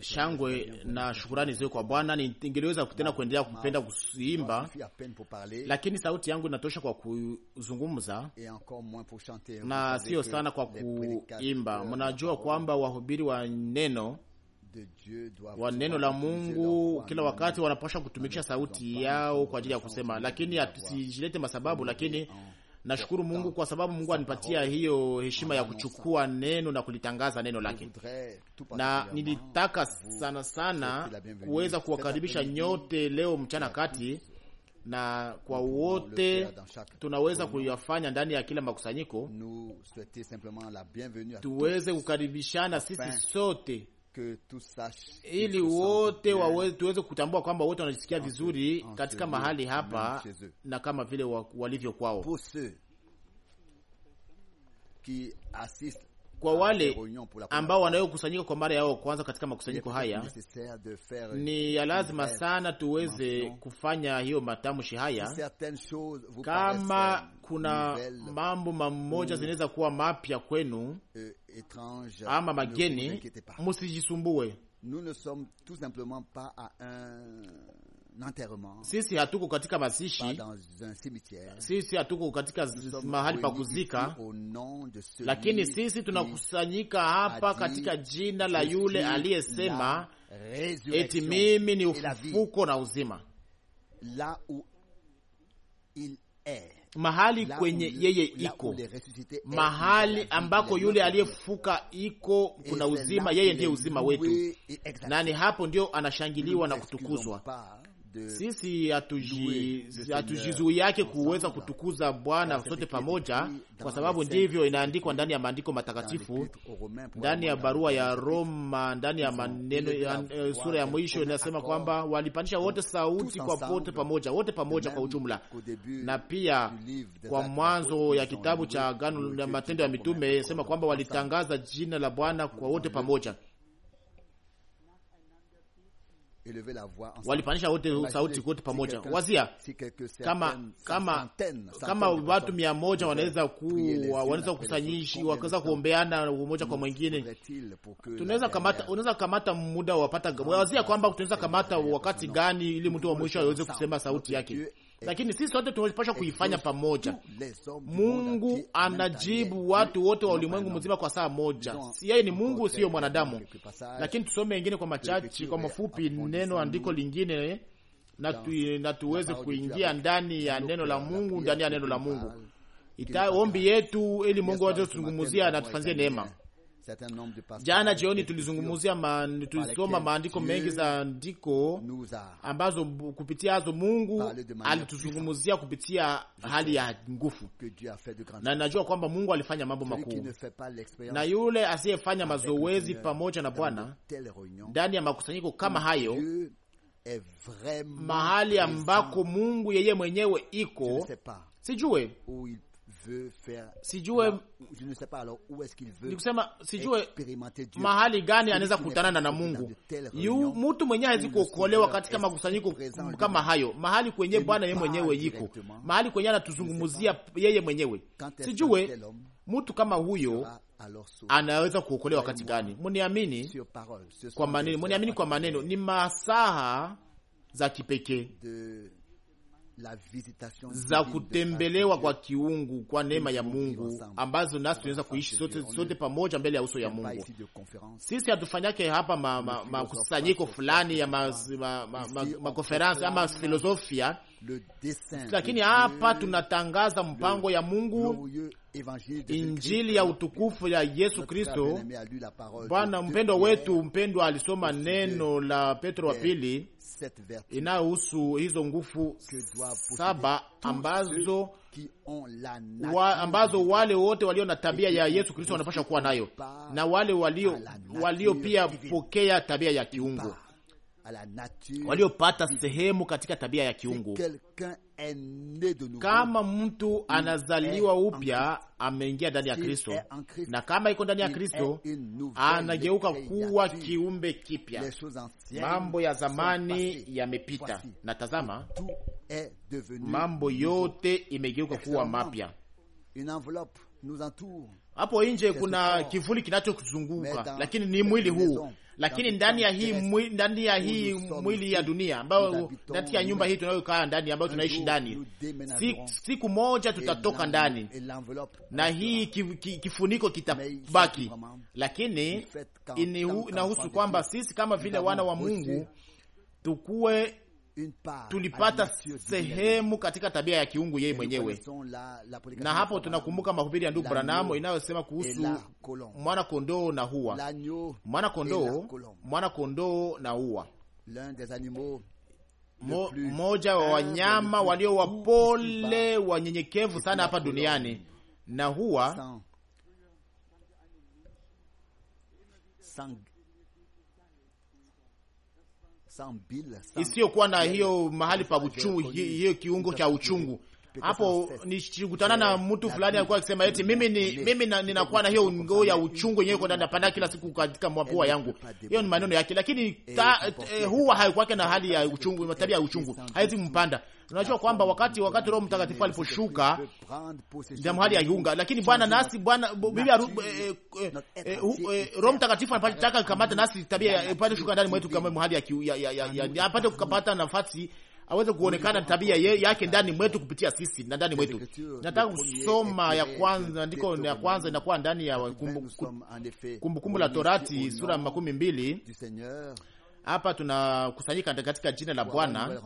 Shangwe na shukurani ziwe kwa Bwana. Ningeliweza tena kuendelea kupenda kuimba, lakini sauti yangu inatosha kwa kuzungumza na sio sana kwa kuimba. Mnajua kwamba wahubiri wa neno wa neno la Mungu kila wakati wanapasha kutumikisha sauti yao kwa ajili ya kusema, lakini hatusijilete masababu, lakini Nashukuru Mungu kwa sababu Mungu anipatia hiyo heshima ya kuchukua neno na kulitangaza neno lake, na nilitaka sana sana kuweza kuwakaribisha nyote leo mchana kati, na kwa wote tunaweza kuyafanya ndani ya kila makusanyiko, tuweze kukaribishana sisi sote ili wote tuweze kutambua kwamba wote wanajisikia vizuri katika mahali hapa na kama vile walivyo kwao kwa wale ambao wanayokusanyika kwa mara yao kwanza katika makusanyiko haya, ni ya lazima sana tuweze kufanya hiyo matamshi haya. Kama euh, kuna mambo mamoja zinaweza kuwa mapya kwenu euh, ama mageni, musijisumbue sisi hatuko katika mazishi, sisi hatuko katika mahali pa kuzika, lakini sisi tunakusanyika hapa katika jina la yule aliyesema eti mimi ni ufufuko na uzima. La où il est, mahali la kwenye yeye iko mahali ambako yule aliyefufuka iko, kuna uzima. Yeye ndiye uzima wetu, na ni hapo ndio anashangiliwa na kutukuzwa sisi hatujizuiake kuweza kutukuza Bwana sote pamoja, kwa sababu ndivyo inaandikwa ndani ya maandiko matakatifu, ndani ya barua ya Roma, ndani ya maneno ya eh, sura ya mwisho inasema kwamba walipandisha wote sauti kwa wote pamoja, wote pamoja kwa ujumla, na pia kwa mwanzo ya kitabu cha Agano la Matendo ya Mitume inasema kwamba walitangaza jina la Bwana kwa wote pamoja walipandisha wote sauti kote pamoja. Wazia kama kama kama watu mia moja wanaweza kuwa wanaweza kukusanyishi wakaweza kuombeana umoja kwa mwingine, tunaweza kamata, unaweza kamata muda wapata. Wazia kwamba tunaweza kamata wakati gani ili mtu wa mwisho aweze kusema sauti yake lakini sisi sote tunapaswa kuifanya pamoja. Mungu anajibu watu wote wa ulimwengu mzima kwa saa moja. Yeye ni Mungu, siyo mwanadamu. Lakini tusome wengine kwa machache, kwa mafupi, neno andiko lingine na, tu, na tuweze kuingia ndani ya neno la Mungu, ndani ya neno la Mungu. Ita ombi yetu ili Mungu aweze kutuzungumzia na tufanzie neema. Jana jioni tulizungumzia ma, tulisoma maandiko mengi za andiko ambazo kupitia hazo Mungu alituzungumzia kupitia hali ya nguvu, na najua kwamba Mungu alifanya mambo makuu, na yule asiyefanya mazoezi pamoja na Bwana ndani ya makusanyiko kama hayo mahali ambako Mungu yeye mwenyewe iko sijue sijue ni kusema sijue mahali gani anaweza kukutanana na Mungu. Mtu mwenyewe hawezi kuokolewa katika makusanyiko kama hayo, mahali kwenye Bwana yeye mwenyewe yiko, mahali kwenye anatuzungumzia yeye mwenyewe. Sijue mtu kama huyo anaweza kuokolewa wakati gani. Mniamini kwa maneno, mniamini kwa maneno, ni masaha za kipekee za kutembelewa kwa kiungu kwa neema ya Mungu ambazo nasi tunaweza kuishi sote, sote pamoja mbele ya uso ya Mungu. Sisi hatufanyake hapa makusanyiko ma, ma, fulani ya makonferansi ma, ma, ma, ama filosofia, lakini hapa tunatangaza mpango ya Mungu, injili ya utukufu ya Yesu Kristo. Bwana mpendwa wetu mpendwa alisoma neno la Petro wa pili inayohusu hizo nguvu saba ambazo wa, ambazo wale wote walio na tabia ya Yesu Kristo wanapasha kuwa nayo na wale walio walio pia pokea tabia ya kiungu waliopata sehemu katika tabia ya kiungu. Kama mtu anazaliwa upya, ameingia ndani ya Kristo, na kama iko ndani ya Kristo, anageuka kuwa kiumbe kipya. Mambo ya zamani yamepita, na tazama, mambo yote imegeuka kuwa mapya hapo nje kuna kivuli kinachozunguka, lakini ni mwili huu, lakini ndani ya hii ndani ya hii mwili ya dunia ambayo ndani ya nyumba hii tunayokaa ndani, ambayo tunaishi ndani, siku moja tutatoka ndani na hii kifuniko kitabaki, lakini inahusu kwamba sisi kama vile wana wa Mungu tukuwe tulipata sehemu katika tabia ya kiungu yeye mwenyewe, na hapo tunakumbuka mahubiri ya ndugu Branamu inayosema kuhusu mwana kondoo na hua, mwana kondoo, mwana kondoo na hua Mo, moja wa wanyama walio wapole wanyenyekevu sana hapa duniani, na huwa isiyokuwa na hiyo mahali pa uchungu, hiyo kiungo cha uchungu hapo nikikutana na mtu fulani alikuwa akisema eti mimi ni mimi ninakuwa na hiyo ngoo ya uchungu yenyewe kwa ndani pana kila siku katika mapua yangu. Hiyo ni maneno yake, lakini ta, eh, eh, huwa haikuwake na hali ya uchungu, tabia ya uchungu haizi mpanda. Unajua kwamba wakati wakati Roho Mtakatifu aliposhuka jamhali ya yunga, lakini Bwana nasi Bwana bibi eh, eh, eh, eh, eh Roho Mtakatifu anapataka kamata nasi tabia ipate shuka ndani mwetu kama hali ya apate kupata nafasi aweze kuonekana tabia yake ndani mwetu kupitia sisi na ndani mwetu. Nataka kusoma ya kwanza, andiko ya kwanza inakuwa ndani ya Kumbukumbu la Torati sura makumi mbili. Hapa tunakusanyika katika jina la Bwana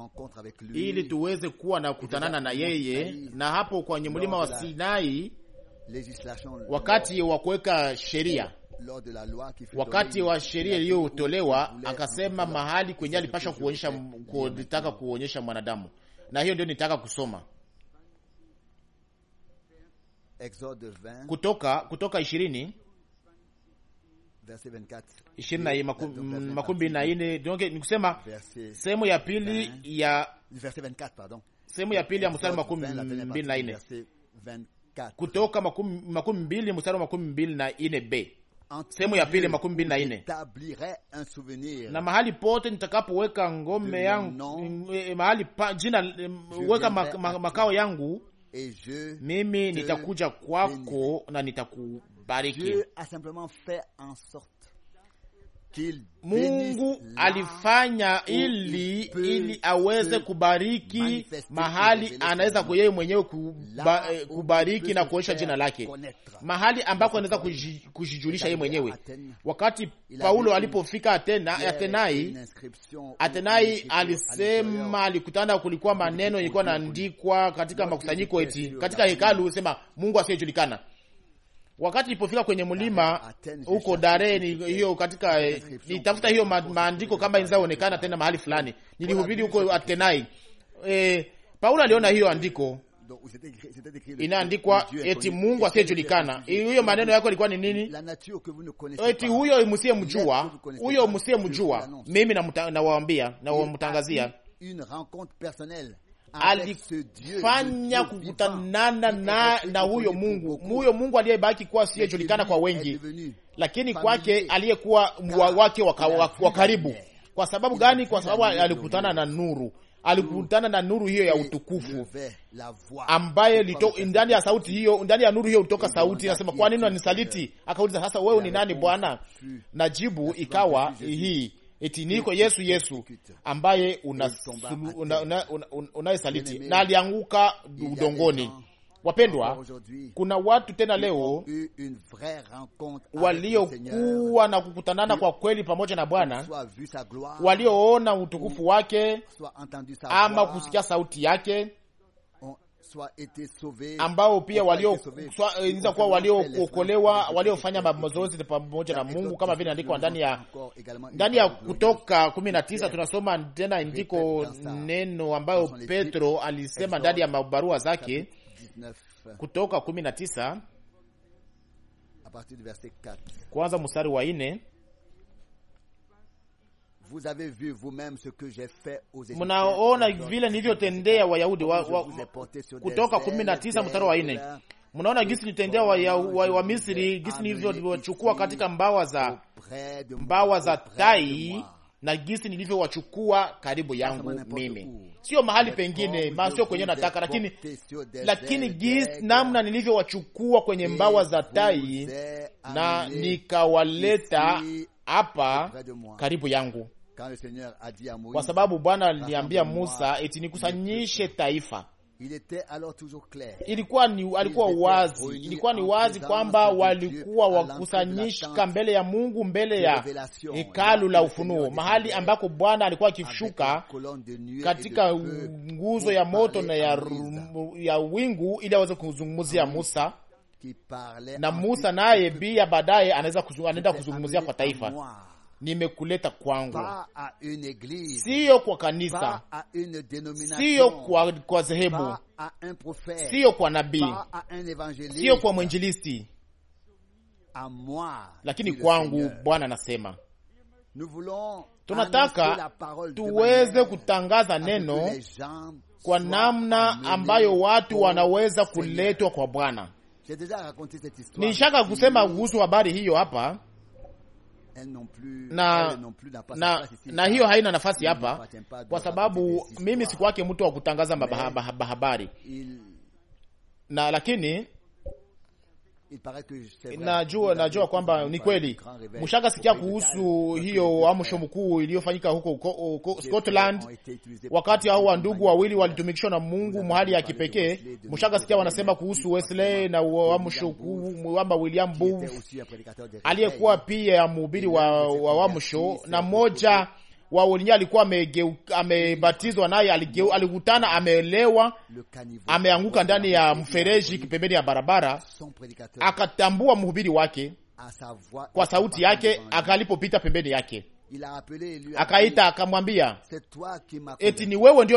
ili tuweze kuwa na kutanana na yeye, na hapo kwenye mlima wa Sinai wakati wa kuweka sheria wakati wa sheria iliyotolewa, akasema mahali kwenye alipasha kuonyesha kutaka kuonyesha mwanadamu, na hiyo ndio nitaka kusoma kutoka Kutoka ishirini makumi na ine ni kusema sehemu ya pili ya sehemu ya pili ya mstari makumi mbili na ine kutoka makumi mbili mstari makumi mbili na ine b sehemu ya pili makumi mbili na na mahali pote nitakapoweka ngome yangu eh, eh, mahali pa jina eh, weka makao yangu, mimi nitakuja kwako na nitakubariki. Mungu alifanya oh, ili ili aweze kubariki mahali anaweza yeye mwenyewe kuba, kubariki na kuonyesha jina lake mahali ambako anaweza kujijulisha yeye mwenyewe. Wakati Paulo alipofika Atena, Atenai, Atenai alisema alikutana, kulikuwa maneno yalikuwa naandikwa katika makusanyiko eti katika hekalu sema Mungu asiyejulikana Wakati ilipofika kwenye mlima huko Dareni, hiyo katika nitafuta hiyo maandiko kama inzaonekana tena mahali fulani, nilihubiri huko atenai Eh, Paulo aliona hiyo andiko inaandikwa eti Mungu asiyejulikana. Hiyo maneno yako ilikuwa ni nini? Eti huyo msiye mjua, huyo msiye mjua, mimi nawaambia, nawamtangazia alifanya kukutanana na, na huyo Mungu, huyo Mungu aliyebaki kuwa siyejulikana kwa wengi, lakini kwake aliyekuwa wake wa karibu. Kwa sababu gani? Kwa sababu alikutana na nuru alikutana na nuru hiyo ya utukufu ambaye ndani ya sauti hiyo, ndani ya nuru hiyo ulitoka sauti inasema, kwa nini unanisaliti? Akauliza, sasa wewe ni nani Bwana? Na jibu ikawa hii, eti niko Yesu Yesu ambaye unayesaliti una, una, una, una na alianguka udongoni. Wapendwa, kuna watu tena leo waliokuwa na kukutanana kwa kweli pamoja na Bwana, walioona utukufu wake ama kusikia sauti yake ambao pia walioweza eh, kuwa waliookolewa, waliofanya mazoezi pamoja na Mungu, kama vile andiko ndani ya ndani ya Kutoka kumi na tisa tunasoma tena ndiko neno ambayo Petro alisema ndani ya mabarua zake, Kutoka kumi na tisa kwanza mstari wa nne. Mnaona vile nilivyotendea Wayahudi wa, wa, Kutoka kumi na tisa mstari wa nne. Mnaona gisi nitendea wa, wa, wa Misri, gisi nilivyowachukua katika mbawa za mbawa za tai na gisi nilivyowachukua karibu yangu mimi, sio mahali pengine, sio kwenye nataka, lakini lakini gisi namna nilivyowachukua kwenye mbawa za tai na nikawaleta hapa karibu yangu kwa sababu Bwana aliniambia Musa, eti nikusanyishe taifa. Ilikuwa ni, alikuwa wazi, ilikuwa ni wazi kwamba walikuwa wakusanyishika mbele ya Mungu, mbele ya hekalu la ufunuo, mahali ambako Bwana alikuwa akishuka katika nguzo ya moto na ya, ya wingu, ili aweze kuzungumzia Musa na Musa naye pia baadaye anaweza anaenda kuzungumzia kwa taifa nimekuleta kwangu, siyo kwa kanisa, siyo kwa, kwa zehebu, siyo kwa nabii, siyo kwa mwinjilisti, lakini kwangu. Bwana anasema tunataka tuweze kutangaza neno kwa namna ambayo watu wanaweza kuletwa kwa Bwana. Nishaka kusema kuhusu habari hiyo hapa na, na, na hiyo haina nafasi hapa, kwa sababu mimi sikuwake mtu wa kutangaza mahabari na lakini Najua, najua kwamba ni kweli. Mshaka sikia kuhusu hiyo amsho mkuu iliyofanyika huko, uko, uko, Scotland, wakati hao wandugu wawili walitumikishwa na Mungu mahali ya kipekee. Mshaka sikia wanasema kuhusu Wesley na amsho kwamba William Booth aliyekuwa pia mhubiri wa amsho na mmoja wa wenyewe alikuwa amebatizwa naye, alikutana, ameelewa, ameanguka ndani ya mfereji pembeni ya barabara, akatambua mhubiri wake kwa sauti yake, akalipopita pembeni yake akaita akamwambia, eti ni wewe ndio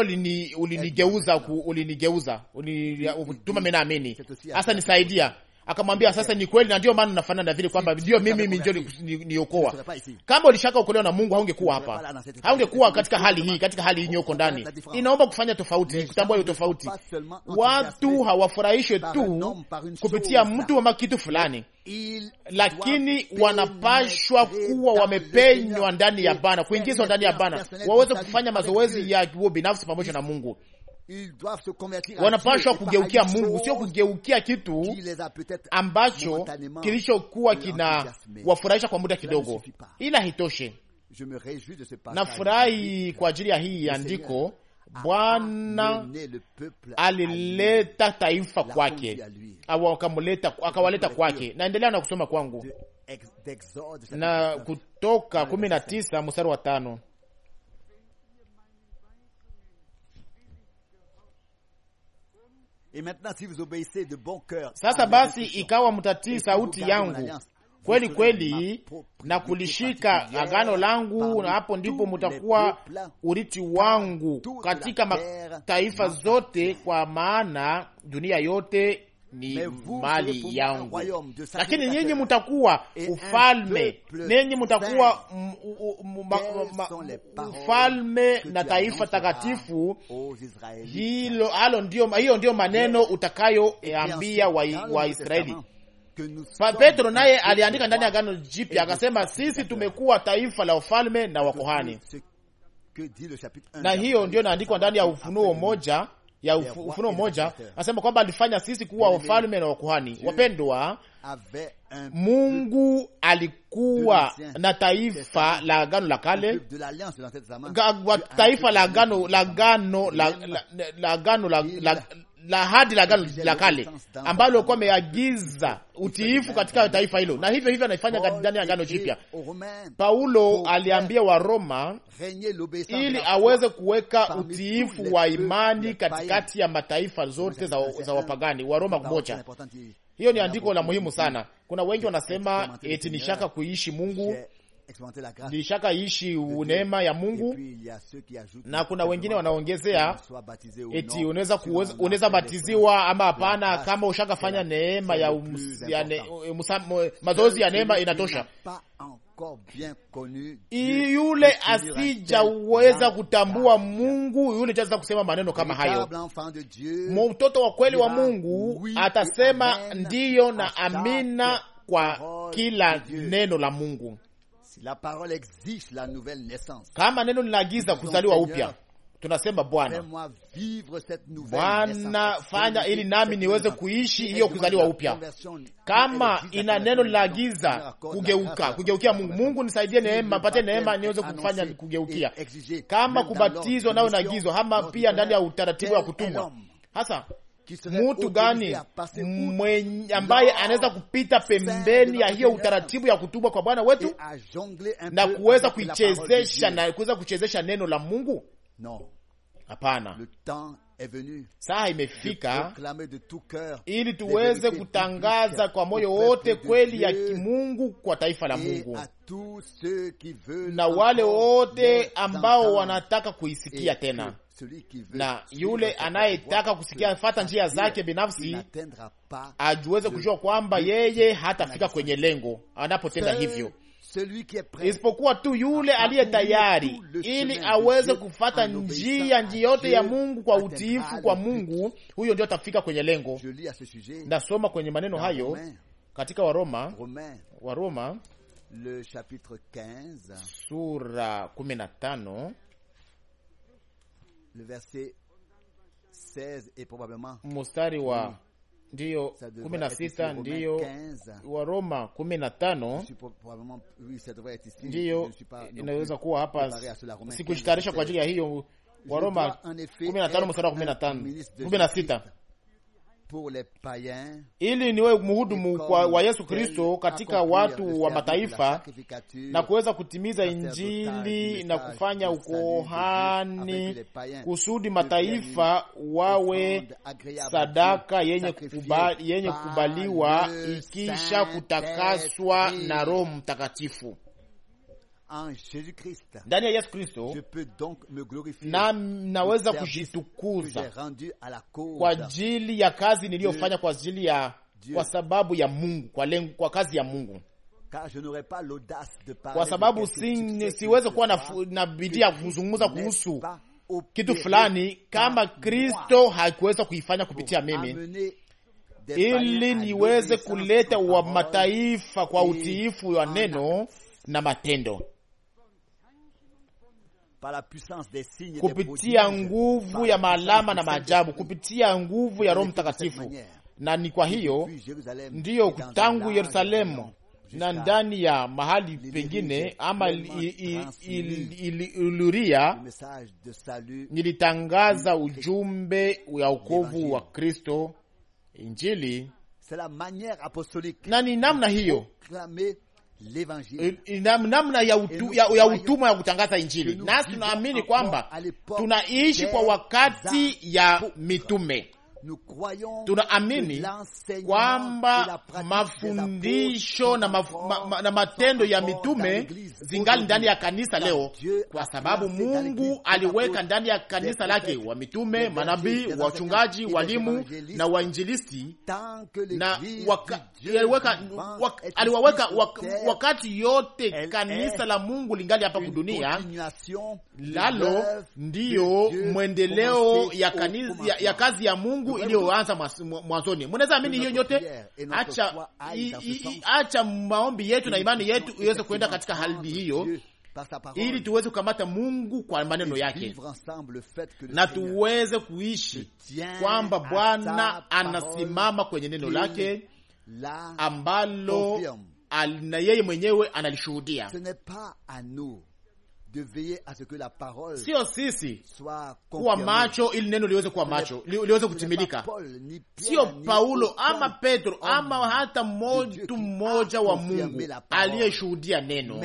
ulinigeuza, ulinigeuza, ulinituma, mimi naamini, hasa nisaidia Akamwambia, sasa ni kweli, na ndio maana nafanana na vile kwamba ndio mimi ndio niokoa. Kama ulishaka okolewa na Mungu, haungekuwa hapa, haungekuwa katika hali hii, katika hali hii nyoko ndani. Inaomba kufanya tofauti, kutambua hiyo tofauti. Watu hawafurahishwe tu kupitia mtu ama kitu fulani, lakini wanapashwa kuwa wamepenywa ndani ya Bwana, kuingizwa ndani ya Bwana, waweze kufanya mazoezi ya binafsi pamoja na Mungu wanapashwa kugeukia Mungu, sio kugeukia kitu ambacho kilichokuwa kina wafurahisha kwa muda kidogo, ila hitoshe. Nafurahi kwa ajili ya hii andiko. Bwana alileta taifa kwake, akawaleta kwake. Naendelea na kusoma kwangu na Kutoka kumi na tisa mstari wa tano. Sasa basi ikawa mtatii sauti yangu kweli kweli na kulishika agano langu, na hapo ndipo mutakuwa urithi wangu katika mataifa zote, kwa maana dunia yote ni mali yangu, lakini nyinyi mtakuwa ufalme, ninyi mtakuwa ufalme na taifa takatifu. Hilo ndio, hiyo ndiyo maneno utakayoambia Waisraeli. Petro naye aliandika ndani ya Agano Jipya akasema, sisi tumekuwa taifa la ufalme na wakohani, na hiyo ndiyo inaandikwa ndani ya Ufunuo moja ya Ufunuo moja anasema kwamba alifanya sisi kuwa wafalme na wakuhani. Wapendwa, Mungu alikuwa na taifa la agano la kale, taifa la agano la agano la agano la la hadi la gano la kale ambalo alikuwa ameagiza utiifu katika taifa hilo, na hivyo hivyo anaifanya ndani ya gano jipya. Paulo aliambia wa Roma ili aweze kuweka utiifu wa imani katikati ya mataifa zote za, za wapagani wa Roma moja. Hiyo ni andiko la muhimu sana. Kuna wengi wanasema eti nishaka kuishi Mungu ishi neema ya Mungu, na kuna wengine wanaongezea eti unaweza unaweza batiziwa ama hapana, kama ushakafanya neema ya mazoezi ya neema inatosha. Yule asijaweza kutambua Mungu yule chaweza kusema maneno kama hayo. Mtoto wa kweli wa Mungu atasema ndiyo na amina kwa kila neno la Mungu. La parole exige la nouvelle naissance. Kama neno linaagiza kuzaliwa upya, tunasema Bwana, Bwana fanya ili nami niweze kuishi hiyo kuzaliwa upya. Kama ina neno linaagiza kugeuka, kugeukia Mungu, Mungu nisaidie neema, pate neema niweze kufanya kugeukia, kama kubatizwa nayo naagizwa, ama pia ndani ya utaratibu wa kutumwa hasa Mtu gani ambaye anaweza kupita pembeni ya hiyo utaratibu ya kutubwa kwa Bwana wetu na kuweza kuichezesha na kuweza kuchezesha neno la Mungu? Hapana. Saa imefika ili tuweze kutangaza kwa moyo wote kweli ya kimungu kwa taifa la Mungu na wale wote ambao wanataka kuisikia tena na yule anayetaka kusikia fata njia zake binafsi ajuweze kujua kwamba yeye hatafika kwenye lengo anapotenda hivyo, isipokuwa tu yule aliye tayari ili aweze kufata njia njia yote ya Mungu kwa utiifu kwa Mungu, huyo ndio atafika kwenye lengo. Nasoma kwenye maneno hayo katika Waroma, Waroma sura 15 le verset 16 et probablement mstari wa ndiyo kumi na sita ndiyo wa Roma kumi na tano ndiyo inaweza kuwa hapa, sikujitayarisha kwa ajili ya hiyo. Wa Roma kumi na tano mstari wa kumi na tano kumi na sita ili niwe mhudumu wa Yesu Kristo katika watu wa mataifa na kuweza kutimiza Injili na kufanya ukohani kusudi mataifa wawe sadaka yenye kukubaliwa ikisha kutakaswa na Roho Mtakatifu ndani ya Yesu Kristo, na naweza kujitukuza kwa ajili ya kazi niliyofanya kwa ajili ya kwa sababu ya Mungu, kwa lengo, kwa kazi ya Mungu, kwa sababu siweze kuwa na, na bidii ya kuzungumza kuhusu kitu fulani kama Kristo hakuweza kuifanya kupitia mimi, ili niweze kuleta wa mataifa kwa utiifu wa neno na matendo kupitia nguvu ya maalama na maajabu, kupitia nguvu ya Roho Mtakatifu. Na ni kwa hiyo ndiyo tangu Yerusalemu na ndani ya mahali pengine ama Iluria nilitangaza ujumbe ya ukovu wa Kristo, Injili, na ni namna hiyo namna ya, utu, ya, ya utumwa ya kutangaza Injili, nasi tunaamini kwamba tunaishi kwa wakati ya mitume tunaamini kwamba mafundisho na, maf, ma, ma, na matendo ya mitume zingali ndani ya kanisa leo, kwa sababu Mungu aliweka ndani ya kanisa lake wa mitume, manabii, wachungaji, walimu na wainjilisti, na aliwaweka wakati yote kanisa la Mungu lingali hapa kudunia, lalo ndiyo mwendeleo ya, kanisa, ya, ya kazi ya Mungu miguu iliyoanza mwanzoni. Mnaweza amini hiyo nyote? Acha, acha maombi yetu na imani yetu iweze kuenda katika hali hiyo ili tuweze kukamata Mungu kwa maneno yake na tuweze kuishi kwamba Bwana anasimama kwenye neno lake ambalo na yeye mwenyewe analishuhudia. De veiller à ce que la parole sio sisi kuwa macho ili neno liweze kuwa macho liweze kutimilika. Sio Paulo ama Petro ama hata mtu mmoja wa Mungu aliyeshuhudia neno,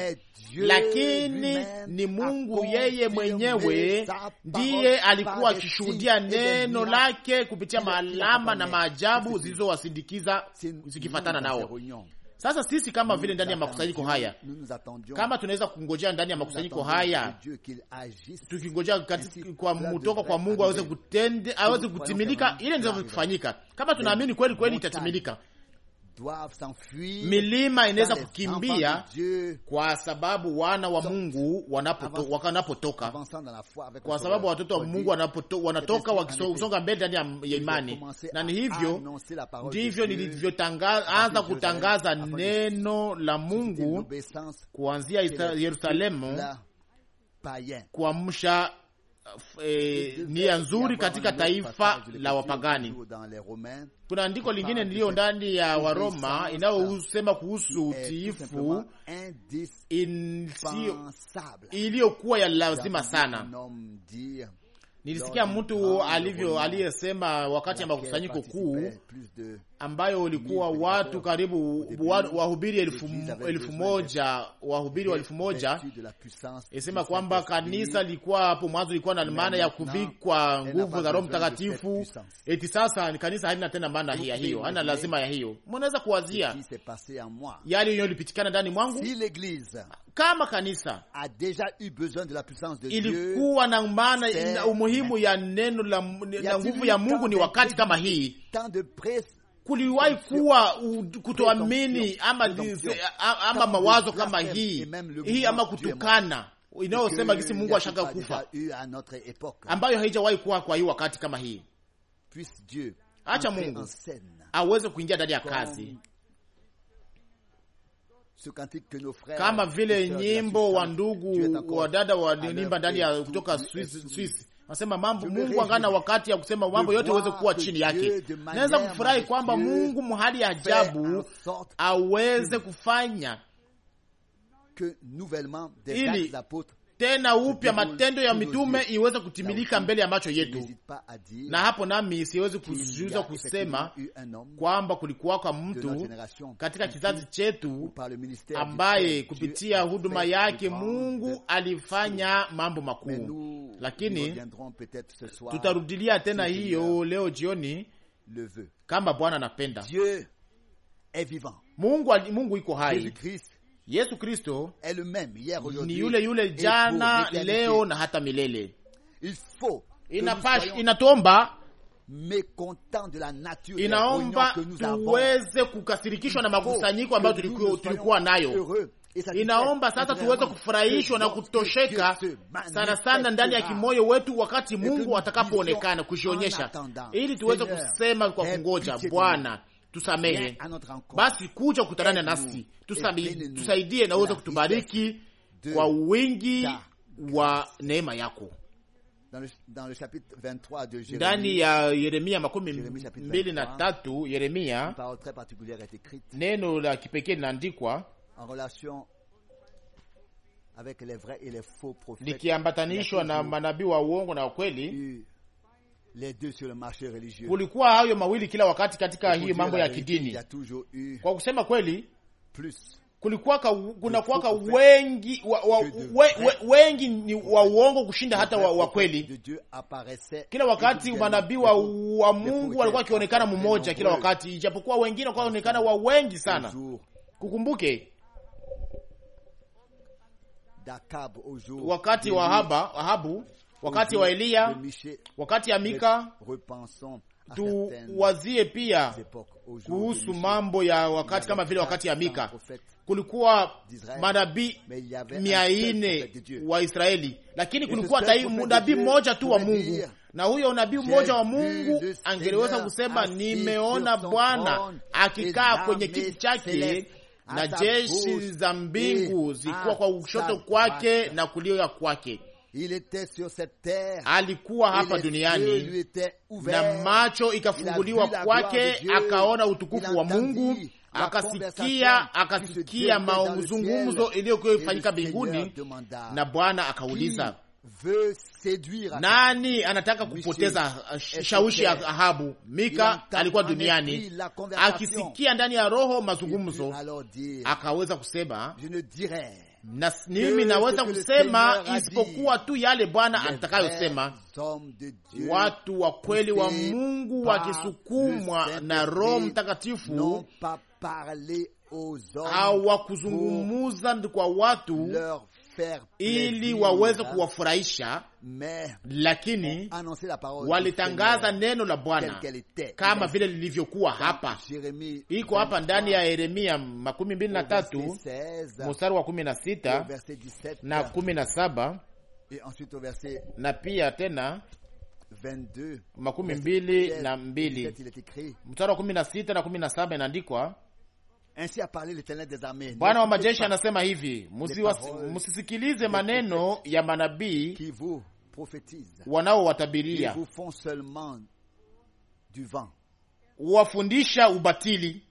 lakini ni Mungu yeye mwenyewe ndiye alikuwa akishuhudia neno lake kupitia maalama na maajabu zilizowasindikiza zikifatana nao. Sasa sisi kama vile ndani ya makusanyiko haya, kama tunaweza kungojea ndani ya makusanyiko haya, tukingojea kwa kutoka kwa Mungu aweze kutende, aweze kutimilika, ile ndio kufanyika. Kama tunaamini kweli kweli, itatimilika milima inaweza kukimbia kwa sababu wana wa Mungu wanapotoka, kwa sababu watoto wa Mungu wanatoka wakisonga mbele ndani ya imani, na ni hivyo ndivyo nilivyoanza kutangaza neno la Mungu kuanzia Yerusalemu kuamsha e, nia nzuri katika taifa la wapagani. Kuna andiko lingine niliyo ndani ya Waroma inayosema kuhusu utiifu iliyokuwa ya lazima sana. Nilisikia mtu alivyo aliyesema wakati ya makusanyiko kuu ambayo ulikuwa watu karibu wahubiri elfu, elfu moja wahubiri wa elfu moja isema kwamba kanisa lilikuwa hapo mwanzo lilikuwa na maana ya kuvikwa nguvu za Roho Mtakatifu. Eti sasa kanisa halina tena maana ya hiyo, hana lazima ya hiyo. Mnaweza kuwazia yale yaliyopitikana ndani mwangu kama kanisa ilikuwa na maana umuhimu ya neno la nguvu ya Mungu, ni wakati kama hii kuliwahi kuwa kutoamini ama, ama mawazo kama hii hii ama kutukana inayosema gisi Mungu ashaka kufa ambayo haijawahi kuwa kwa hii wakati kama hii. Acha Mungu aweze kuingia ndani ya kazi kama vile nyimbo wa ndugu wa dada wa nimba ndani ya kutoka Swiss Nasema mambo Mungu angana wakati ya kusema mambo yote uweze kuwa chini yake. Naweza kufurahi kwamba Mungu mhali ya ajabu aweze kufanya ili tena upya matendo ya mitume iweze kutimilika mbele ya macho yetu. Na hapo nami siwezi kuzuza kusema kwamba kwa mtu katika kizazi chetu ambaye kupitia huduma yake Mungu alifanya mambo makuu, lakini tutarudilia tena hiyo leo jioni kama Bwana anapenda. Mungu, Mungu iko hai. Yesu Kristo ni yule yule jana leo na hata milele. Inatuomba inaomba tuweze kukasirikishwa na makusanyiko ambayo tulikuwa nayo. Inaomba sasa tuweze kufurahishwa na kutosheka sana sana ndani ya kimoyo wetu, wakati Mungu atakapoonekana kujionyesha, ili tuweze kusema kwa kungoja Bwana tusamehe, basi kuja kukutanana nasi tusaidie, uweze kutubariki kwa wingi wa neema yako. Ndani ya Yeremia makumi mbili na tatu Yeremia, neno la kipekee linaandikwa likiambatanishwa na manabii wa uongo na wakweli kulikuwa hayo mawili kila wakati katika hii mambo ya kidini. Kwa kusema kweli, kulikuwaka kunakuwaka wengi wa, wa, we, we, wengi ni wa uongo kushinda hata wa, wa kweli. Kila wakati manabii wa, wa Mungu walikuwa wakionekana mmoja kila wakati, ijapokuwa wengine walikuwa wakionekana wa wengi sana. Kukumbuke wakati wa Ahabu wakati wa Eliya, wakati ya Mika. Tuwazie pia kuhusu mambo ya wakati kama vile wakati ya Mika kulikuwa manabii mia nne wa Israeli, lakini kulikuwa nabii mmoja tu wa Mungu, na huyo nabii mmoja wa Mungu angeliweza kusema nimeona Bwana akikaa kwenye kiti chake na jeshi za mbingu zikuwa kwa ushoto kwake na kulia kwake alikuwa hapa duniani na macho ikafunguliwa kwake, akaona utukufu wa Mungu, akasikia akasikia mazungumzo iliyokuwa ifanyika mbinguni, na Bwana akauliza nani anataka kupoteza shawishi Ahabu? Mika alikuwa duniani akisikia ndani ya roho mazungumzo, akaweza kusema na mimi naweza kusema isipokuwa tu yale Bwana atakayosema. Watu wa kweli wa Mungu wakisukumwa na Roho Mtakatifu hawakuzungumuza kwa watu ili waweze kuwafurahisha, lakini walitangaza neno la Bwana kama vile lilivyokuwa. Hapa iko hapa ndani ya Yeremia makumi mbili na tatu mstari wa kumi na sita na kumi na saba na pia tena makumi mbili na mbili mstari wa kumi na sita na kumi na saba inaandikwa Ainsi a parlé l'Éternel des armées. Bwana wa majeshi anasema hivi, msisikilize maneno ya manabii wanaowatabiria, huwafundisha ubatili.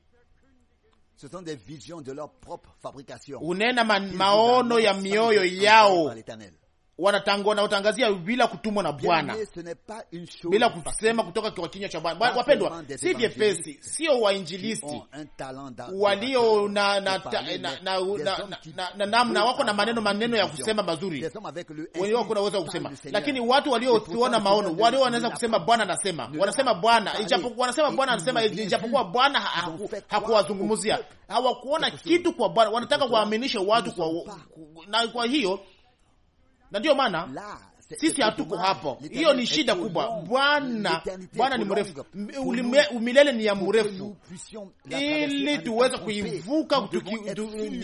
Ce sont des visions de leur propre fabrication. Hunena maono ya mioyo yao utangazia bila kutumwa na Bwana, bila kusema kutoka kwa kinywa cha Bwana. Wapendwa, si vyepesi, sio wainjilisti walio na namna, wako na maneno maneno ya kusema mazuri, wako naweza kusema, lakini watu walioona maono, walio wanaweza kusema Bwana anasema, wanasema Bwana, wanasema Bwana anasema, ijapokuwa Bwana hakuwazungumzia, hawakuona kitu kwa Bwana. Wanataka kuaminisha watu, na kwa hiyo na ndiyo maana sisi hatuko hapo. Hiyo ni shida kubwa. Bwana Bwana ni mrefu, milele ni ya mrefu, ili tuweze kuivuka,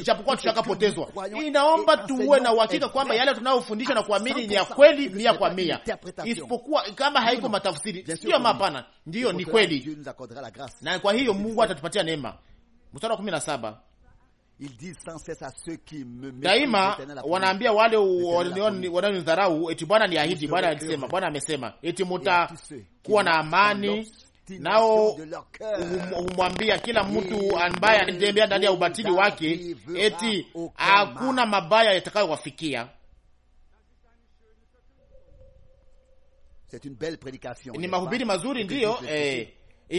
japokuwa tushakapotezwa. Inaomba tuwe na uhakika kwamba yale tunayofundisha na kuamini ni ya kweli mia kwa mia, isipokuwa kama haiko matafsiri. Sio mapana, ndiyo ni kweli, na kwa hiyo Mungu atatupatia neema. Mstari wa kumi na saba daima wanaambia wale wanaonidharau eti Bwana aliahidi, Bwana alisema, Bwana amesema eti mutakuwa na amani nao humwambia kila mtu ambaye anatembea ndani ya ubatili wake, eti hakuna mabaya yatakayowafikia. Ni mahubiri mazuri, ndiyo eh,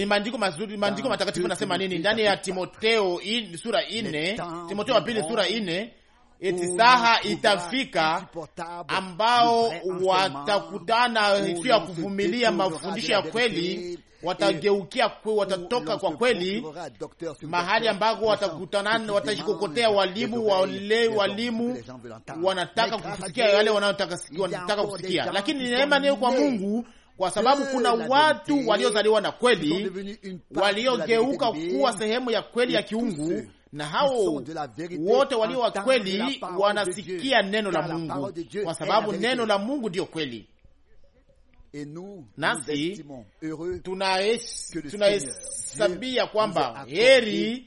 maandiko mazuri, maandiko matakatifu nasema nini? Ndani ya Timoteo in, sura ine, Timoteo wa pili sura ine eti saha itafika ambao watakutana juu eh, ya kuvumilia mafundisho ya kweli, watageukia kwe, eh, watatoka kwa kweli mahali ambako watakutana, watashikokotea walimu wale, walimu wanataka kusikia yale wanayotaka kusikia, lakini neema niyo kwa Mungu kwa sababu kuna watu waliozaliwa na kweli waliogeuka kuwa sehemu ya kweli ya kiungu na hao wote walio wa kweli wanasikia neno la Mungu, kwa sababu neno la Mungu ndiyo kweli. Nasi tunahesabia kwamba heri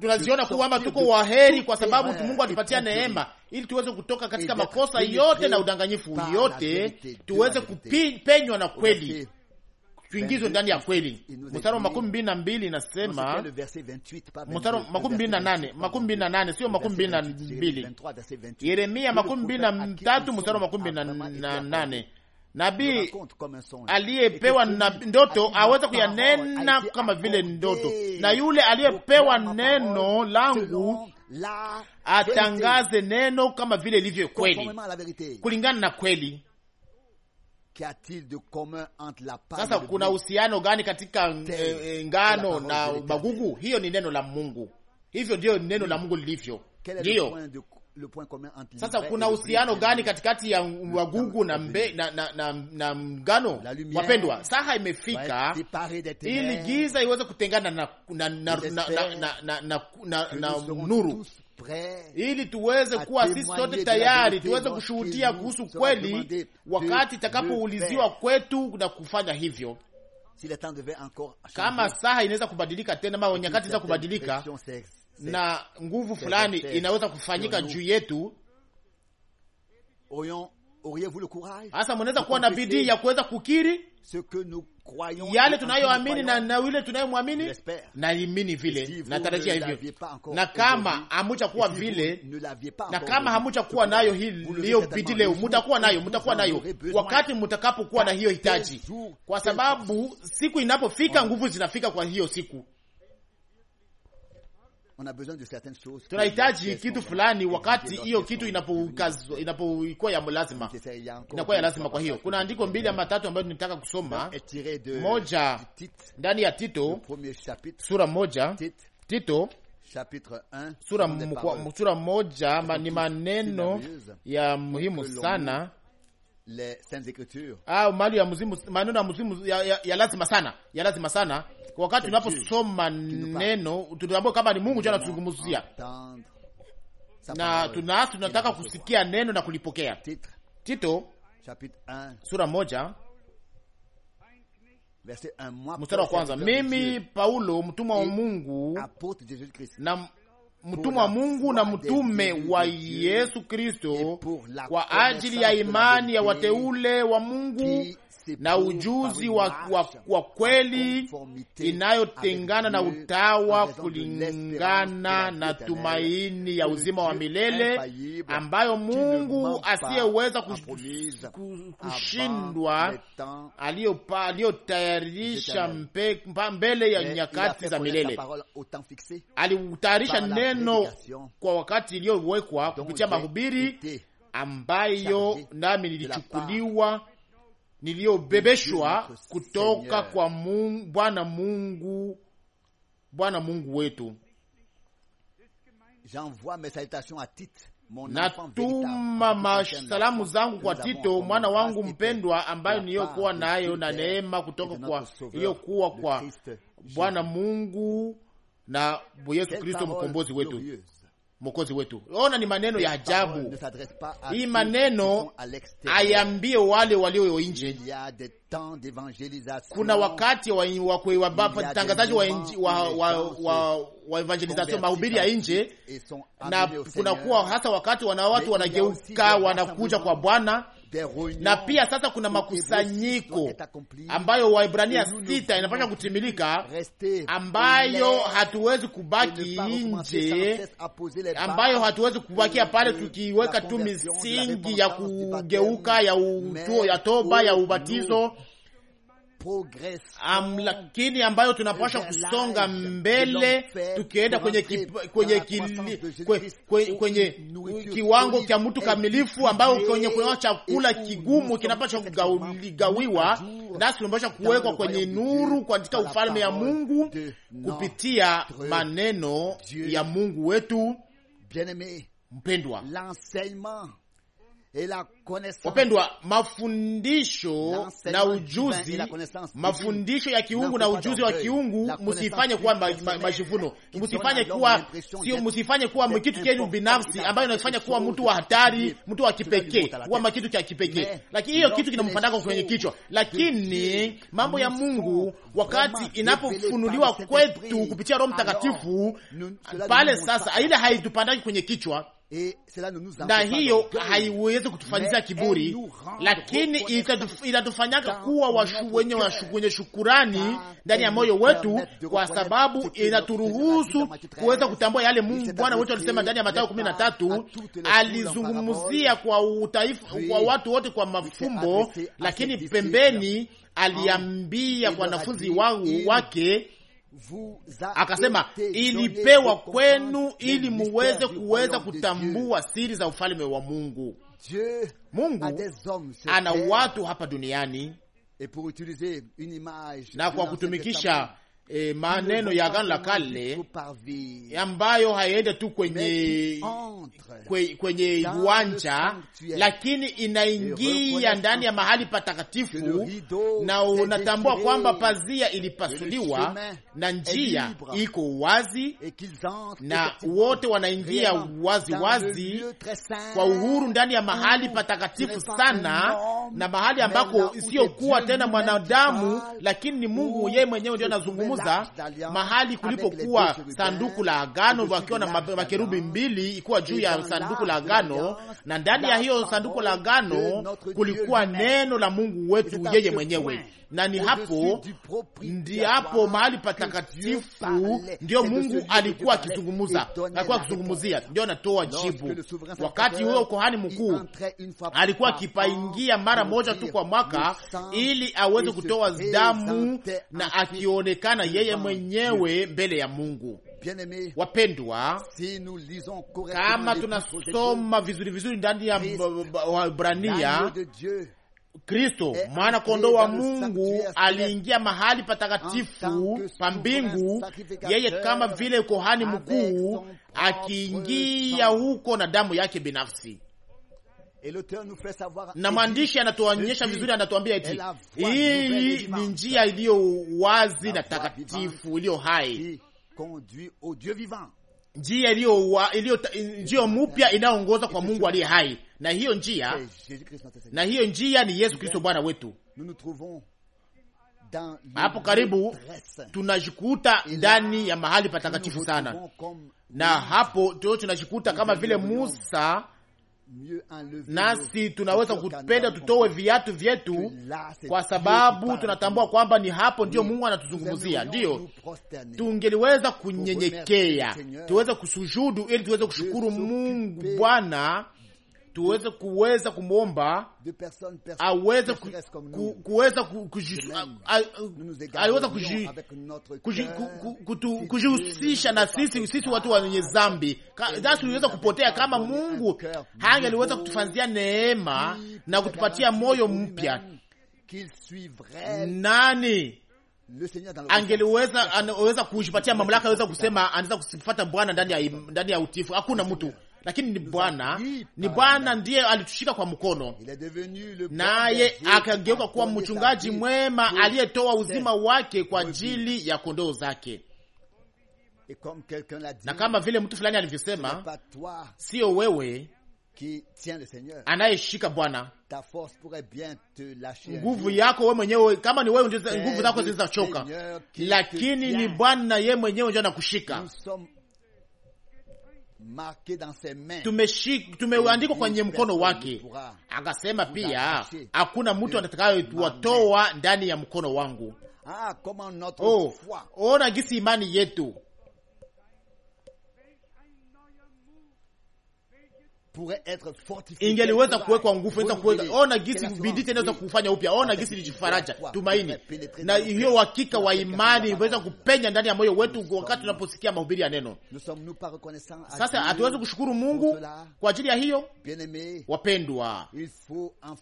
tunaziona kuwa ama tuko waheri kwa sababu eh, Mungu atupatia neema ili tuweze kutoka katika makosa yote na udanganyifu yote, tuweze kupenywa na kweli, tuingizwe ndani ya kweli. Mstari wa makumi mbili na mbili inasema, mstari wa makumi mbili na nane makumi mbili na nane sio makumi mbili na mbili Yeremia makumi mbili na tatu mstari wa makumi mbili na nane nabii aliyepewa na ndoto aweze kuyanena kama vile ndoto, na yule aliyepewa neno langu atangaze neno kama vile ilivyo kweli, kulingana na kweli. Sasa kuna uhusiano gani katika eh, eh, ngano na magugu? Hiyo ni neno la Mungu, hivyo ndiyo neno la Mungu lilivyo, ndiyo sasa kuna uhusiano gani katikati ya wagugu na mbe, na, na, na, na mgano? Wapendwa, saha imefika ili giza iweze kutengana na, na, na, na, na, na, na, na, na nuru ili tuweze kuwa sisi sote tayari tuweze kushuhudia kuhusu kweli wakati itakapouliziwa kwetu na kufanya hivyo. Si kama saha inaweza kubadilika tena, ma nyakati inaweza kubadilika na nguvu fulani inaweza kufanyika juu yetu. Hasa mnaweza kuwa na bidii ya kuweza kukiri yale tunayoamini na na ile tunayomwamini naimini vile si natarajia hivyo, na kama hamuchakuwa vile, na kama kuwa nayo hiyo bidii leo, mutakuwa nayo, mutakuwa nayo wakati mutakapokuwa na hiyo hitaji, kwa sababu siku inapofika nguvu zinafika. Kwa hiyo siku tunahitaji kitu fulani, wakati hiyo kitu inapokuwa ya lazima, inakuwa ya lazima. Kwa hiyo kuna andiko mbili ama tatu ambayo tunataka kusoma, moja ndani ya Tito sura moja, Tito sura sura moja ni maneno ya muhimu sana au mali ya muzimu, maneno ya lazima sana, ya lazima sana wakati tunaposoma neno tunatambua kama ni Mungu ndio anatuzungumzia, na tunasi tunataka kusikia neno na kulipokea. Tito sura moja mstari wa kwanza. Mimi Paulo mtumwa wa Mungu na mtumwa wa Mungu na mtume wa Yesu Kristo, kwa ajili ya imani ya wateule wa Mungu na ujuzi wa, wa, wa kweli inayotengana na utawa kulingana na tumaini ya uzima wa milele ambayo Mungu asiyeweza kushindwa aliyotayarisha mbele ya eh, nyakati za milele. Alitayarisha neno kwa wakati iliyowekwa kupitia mahubiri ambayo nami nilichukuliwa niliyobebeshwa kutoka kwa Mungu, Bwana Mungu, Bwana Mungu wetu. Natuma masalamu zangu kwa Tito mwana wangu mpendwa, ambayo niliyokuwa nayo na neema kutoka kwa iliyokuwa kwa Bwana Mungu na Yesu Kristo mkombozi wetu mwokozi wetu. Ona, ni maneno ya ajabu hii. Maneno ayambie wale walio nje. Kuna wakati watangazaji wa evangelizasio mahubiri ya nje, na kunakuwa hasa wakati wana watu wanageuka, wanakuja kwa Bwana na pia sasa kuna makusanyiko ambayo Waibrania sita inapasha kutimilika, ambayo hatuwezi kubaki nje, ambayo hatuwezi kubakia pale tukiweka tu misingi ya kugeuka ya utuo ya toba ya ubatizo lakini ambayo tunapasha kusonga mbele tukienda kwenye, ki, kwenye, ki, kwenye kiwango cha mtu kamilifu ambayo kwenye kuna chakula kigumu kinapasha kugawiwa, nasi tunapasha kuwekwa kwenye nuru katika ufalme ya Mungu kupitia maneno ya Mungu wetu mpendwa. Wapendwa, mafundisho na ujuzi, mafundisho ya kiungu na ujuzi wa kiungu, msifanye kuwa majivuno, msifanye kuwa sio, msifanye kuwa kitu chenyu binafsi, ambayo inafanya kuwa mtu wa hatari, mtu wa kipekee, kuwa kitu cha kipekee, lakini hiyo kitu kinampandaga kwenye kichwa. Lakini mambo ya Mungu wakati inapofunuliwa kwetu kupitia Roho Mtakatifu, pale sasa ile haitupandaki kwenye kichwa, na hiyo haiwezi kutufanyia ya kiburi, lakini inatufanyaka kuwa wenye, wenye shukurani ah, ndani ya moyo wetu, kwa sababu inaturuhusu kuweza kutambua yale Mungu Bwana wetu alisema ndani ya Mathayo 13 Alizungumzia kwa utaifa, kwa watu wote kwa mafumbo, lakini pembeni aliambia wanafunzi wake akasema ilipewa kwenu ili muweze kuweza kutambua siri za ufalme wa Mungu. Mungu ana watu hapa duniani na kwa kutumikisha e, maneno ya gano la Kale ambayo haiende tu kwenye kwenye uwanja, lakini inaingia ndani ya mahali patakatifu, na unatambua kwamba pazia ilipasuliwa na njia iko wazi, na wote wanaingia wazi wazi kwa uhuru ndani ya mahali patakatifu sana, na mahali ambako isiyokuwa tena mwanadamu, lakini ni Mungu yeye mwenyewe ndio anazungumza kwanza mahali kulipokuwa sanduku la agano, wakiwa na makerubi mbili ikuwa juu ya sanduku la agano, na ndani ya hiyo sanduku la agano kulikuwa neno la Mungu wetu yeye mwenyewe na ni hapo ndiapo mahali patakatifu ndio Mungu alikuwa akizungumza, alikuwa akizungumuzia, ndio anatoa jibu. Wakati huyo kohani mkuu alikuwa akipaingia mara moja tu kwa mwaka, ili aweze kutoa damu na akionekana yeye mwenyewe mbele ya Mungu. Wapendwa, kama tunasoma vizuri vizuri ndani ya Waebrania Kristo eh, mwana eh, kondoo wa eh, Mungu aliingia mahali patakatifu ah, pa mbingu, yeye kama vile kohani mkuu akiingia huko na damu yake binafsi. Na mwandishi anatuonyesha vizuri, anatuambia eti hii ni njia iliyo wazi na takatifu iliyo hai njia iliyo njia mpya inayoongoza kwa Mungu aliye hai, na hiyo njia na hiyo njia ni Yesu Kristo Bwana wetu. Hapo karibu tunajikuta ndani ya mahali patakatifu sana, na hapo tunajikuta kama vile Musa nasi tunaweza kupenda tutowe viatu vyetu, kwa sababu tunatambua kwamba ni hapo ndio Mungu anatuzungumzia. Ndiyo tungeliweza kunyenyekea, tuweze kusujudu ili tuweze kushukuru Mungu Bwana tuweze kuweza kumwomba aweze kuweza kujihusisha na sisi, sisi watu wenye zambi nasi tuliweza kupotea. Kama Mungu hange aliweza kutufanzia neema na kutupatia moyo mpya, nani angeliweza anaweza kujipatia mamlaka, aweza kusema anaweza kusifuata Bwana ndani ya utifu? Hakuna mtu lakini ni Bwana, ni Bwana ndiye alitushika kwa mkono, naye akageuka kuwa mchungaji mwema aliyetoa uzima wake kwa ajili ya kondoo zake. Na kama vile mtu fulani alivyosema, sio wewe anayeshika Bwana nguvu yako we mwenyewe, kama ni wewe nguvu zako zilizachoka lakini ni Bwana ye mwenyewe ndio anakushika tumeandikwa kwenye mkono wake. Akasema pia hakuna mtu anatakayotuwatoa ndani ya mkono wangu. Ah, oh, ona gisi imani yetu ingeliweza kuwekwa nguvu, inaweza kuweza ona gisi bidii inaweza kufanya upya, ona gisi ni jifaraja, tumaini na hiyo hakika wa imani weza kupenya ndani ya moyo wetu wakati tunaposikia mahubiri ya neno. Sasa hatuwezi kushukuru Mungu kwa ajili ya hiyo. Wapendwa,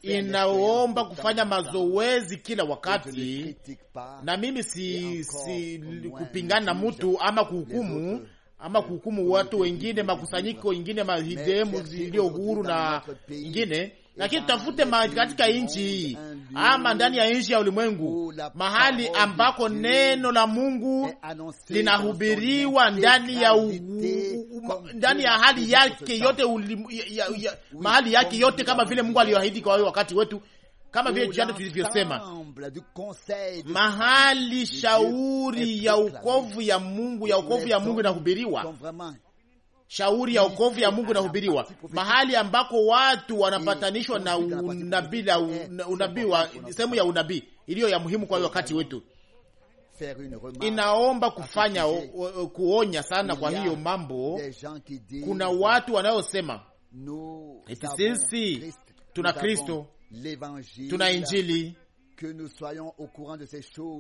inaomba kufanya mazoezi kila wakati, na mimi si, si kupingana na mtu ama kuhukumu ama kuhukumu watu wengine, makusanyiko ingine, madhehebu ziliyo huru na ingine, lakini tutafute katika nchi oh, hii ama ndani ya nchi ya ulimwengu, mahali ambako neno la Mungu eh, linahubiriwa ndani ya u, ndani ya hali yake yote, mahali yake yote, kama vile Mungu aliyoahidi kwa wakati wetu kama vile jana tulivyosema, mahali shauri ya ukovu ya Mungu ya ukovu ya Mungu inahubiriwa shauri ya wokovu ya Mungu inahubiriwa mahali ambako watu wanapatanishwa na unabii eh, na unabii wa sehemu ya unabii iliyo ya muhimu kwa wakati wetu. Inaomba kufanya kuonya sana. Kwa hiyo mambo, kuna watu wanayosema eti sisi tuna Kristo tuna Injili,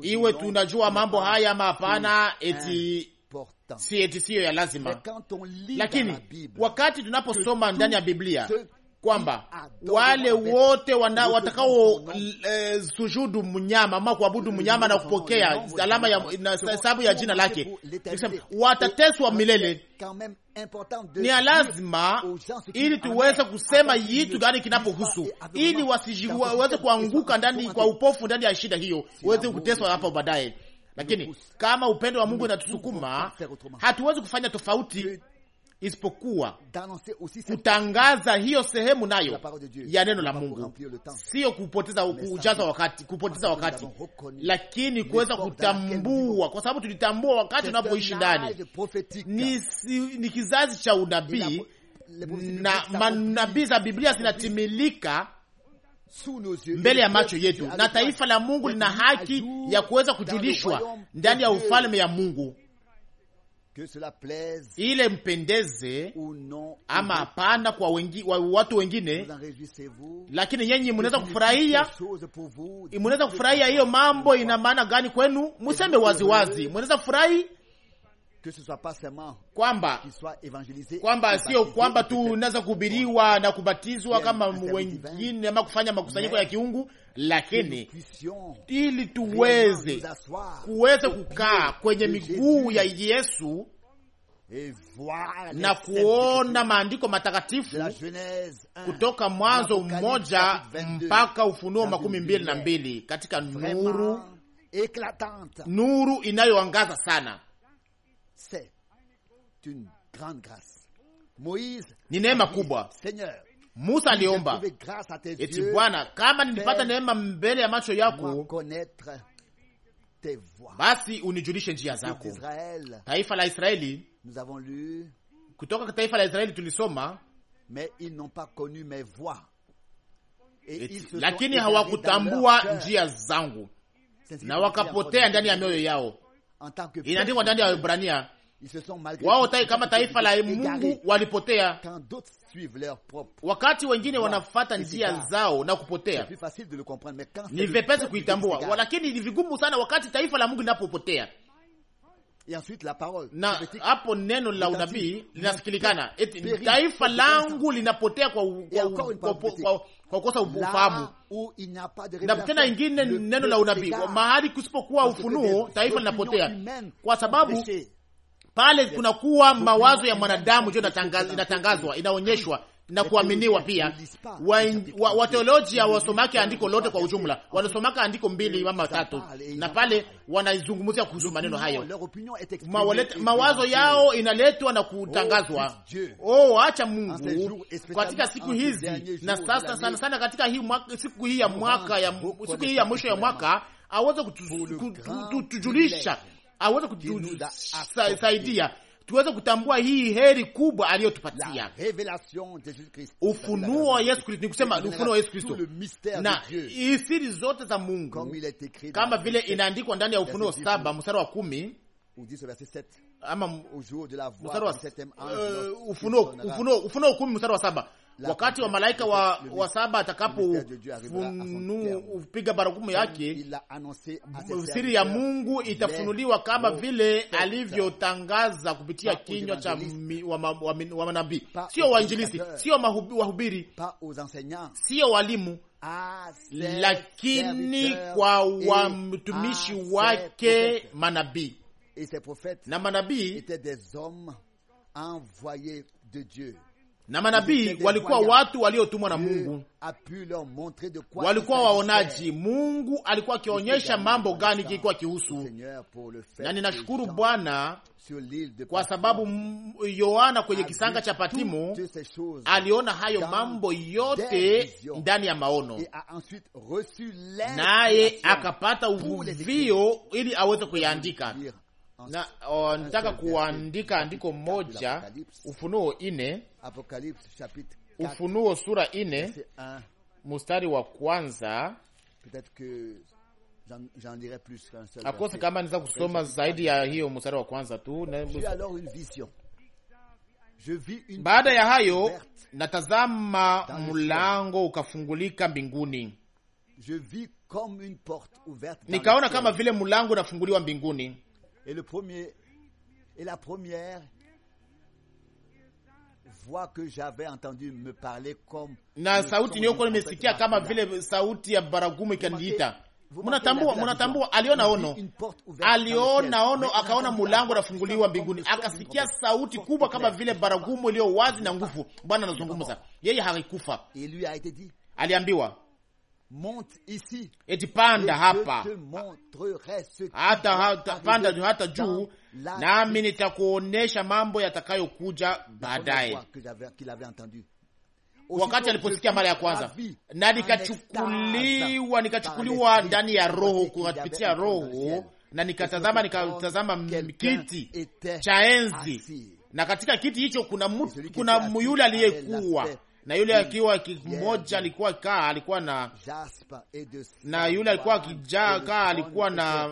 iwe tunajua mambo haya mapana hapana, eti si eti siyo ya lazima, lakini wakati tunaposoma ndani ya Biblia kwamba wale wote watakao e, sujudu mnyama ama kuabudu mm, mnyama na kupokea alama ya hesabu ya jina lake watateswa milele. Ni lazima ili tuweze kusema yitu gani kinapohusu, ili wasiweze kuanguka ndani kwa upofu ndani ya shida hiyo, weze kuteswa hapo baadaye. Lakini kama upendo wa Mungu inatusukuma, hatuwezi kufanya tofauti isipokuwa kutangaza hiyo sehemu nayo ya neno la Mungu, sio kupoteza kujaza wakati, kupoteza wakati, lakini kuweza kutambua, kwa sababu tulitambua wakati unapoishi ndani. Ni, ni kizazi cha unabii na manabii za Biblia zinatimilika mbele ya macho yetu, na taifa la Mungu lina haki ya kuweza kujulishwa ndani ya ufalme ya Mungu ile mpendeze ama hapana kwa wengi, wa, watu wengine, lakini nyenye mnaweza kufurahia, mnaweza kufurahia hiyo mambo. Ina maana gani kwenu? Museme waziwazi, mnaweza kufurahi kwamba kwamba sio kwamba tu unaweza kuhubiriwa na kubatizwa kama wengine ama kufanya makusanyiko ya kiungu, lakini ili tuweze kuweze kukaa kwenye miguu ya Yesu na kuona maandiko matakatifu kutoka Mwanzo mmoja mpaka Ufunuo makumi mbili na mbili katika nuru nuru inayoangaza sana ni neema kubwa. Musa aliomba eti, Bwana, kama nilipata neema mbele ya macho yako, basi unijulishe njia zako. Taifa la Israeli, kutoka taifa la Israeli tulisoma Mais ils n'ont pas connu mes Et ils se lakini hawakutambua njia zangu na wakapotea ndani ya mioyo yao. Inaandikwa ndani ya Ibrania wao ta, kama taifa la Mungu walipotea, wakati wengine wanafata njia zao na kupotea. Ni vepesi kuitambua, lakini ni vigumu sana wakati taifa la Mungu linapopotea. Na hapo neno la unabii linasikilikana, taifa langu linapotea kwa kwa kukosa ufahamu. Na tena ingine neno la unabii, mahali kusipokuwa ufunuo, taifa linapotea kwa sababu pale kunakuwa mawazo ya mwanadamu ndio inatangazwa, inaonyeshwa na kuaminiwa pia. Watheolojia wa, wa wasomake andiko lote kwa ujumla, wanasomaka andiko mbili ama tatu, na pale wanaizungumzia kuhusu maneno hayo. Mawalete, mawazo yao inaletwa na kutangazwa. Oh, oh acha Mungu katika siku hizi na sasa sana sana katika hii mwaka, siku hii ya mwaka ya siku hii ya mwisho ya mwaka aweze kutujulisha aweze kutusaidia tuweze kutambua hii heri kubwa aliyotupatia ufunuo wa Yesu Kristo, ni kusema ufunuo wa Yesu Kristo na siri zote za Mungu, kama vile inaandikwa ndani ya Ufunuo saba mstari wa kumi ama mstari wa euh, ufunuo kumi mstari wa saba wakati wa malaika wa, wa saba atakapopiga baragumu yake, siri ya Mungu itafunuliwa kama vile alivyotangaza kupitia kinywa cha wa manabii, sio wainjilisi, sio wahubiri, sio walimu ah, lakini kwa wamtumishi wake manabii na manabii na manabii walikuwa watu waliotumwa na Mungu, walikuwa waonaji. Mungu alikuwa akionyesha mambo gani kilikuwa kihusu. Na ninashukuru Bwana kwa sababu Yohana kwenye kisanga cha Patimo aliona hayo mambo yote ndani ya maono, naye akapata uvuvio ili aweze kuyaandika na nitaka oh, kuandika andiko moja Ufunuo ine Ufunuo sura ine mustari wa kwanza akose kama niza kusoma zaidi ya hiyo mustari wa kwanza tu. Baada ya hayo, natazama mlango ukafungulika mbinguni, nikaona kama vile mlango unafunguliwa mbinguni. Et le premier, et la première na sauti niliyokuwa mesikia kama vile sauti ya baragumu ikaniita. Mnatambua, mnatambua, aliona ono, aliona ono, akaona mulango unafunguliwa mbinguni, akasikia sauti kubwa kama vile baragumu iliyo wazi na nguvu. Bwana anazungumza, yeye haikufa, aliambiwa Eti panda hapa hata, hata, panda hata juu, nami nitakuonyesha mambo yatakayokuja baadaye. Wakati aliposikia mara ya kwanza, na nikachukuliwa nikachukuliwa ndani ya roho, kupitia roho, na nikatazama nikatazama kiti cha enzi, na katika kiti hicho kuna, kuna muyule aliyekuwa na yule akiwa kimoja alikuwa kaa alikuwa na na yule alikuwa akijaa kaa alikuwa na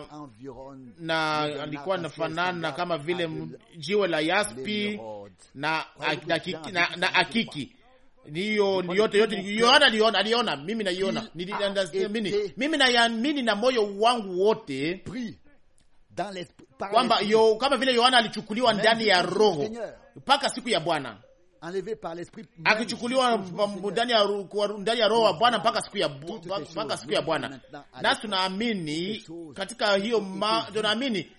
na alikuwa nafanana kama vile jiwe la yaspi na na akiki niyo yote yote Yohana aliona aliona, mimi naiona, mimi naiamini na moyo wangu wote kwamba yo kama vile Yohana alichukuliwa ndani ya Roho mpaka siku ya Bwana akichukuliwa ndani ya Roho wa Bwana mpaka siku ya Bwana. Nasi tunaamini katika hiyo, tunaamini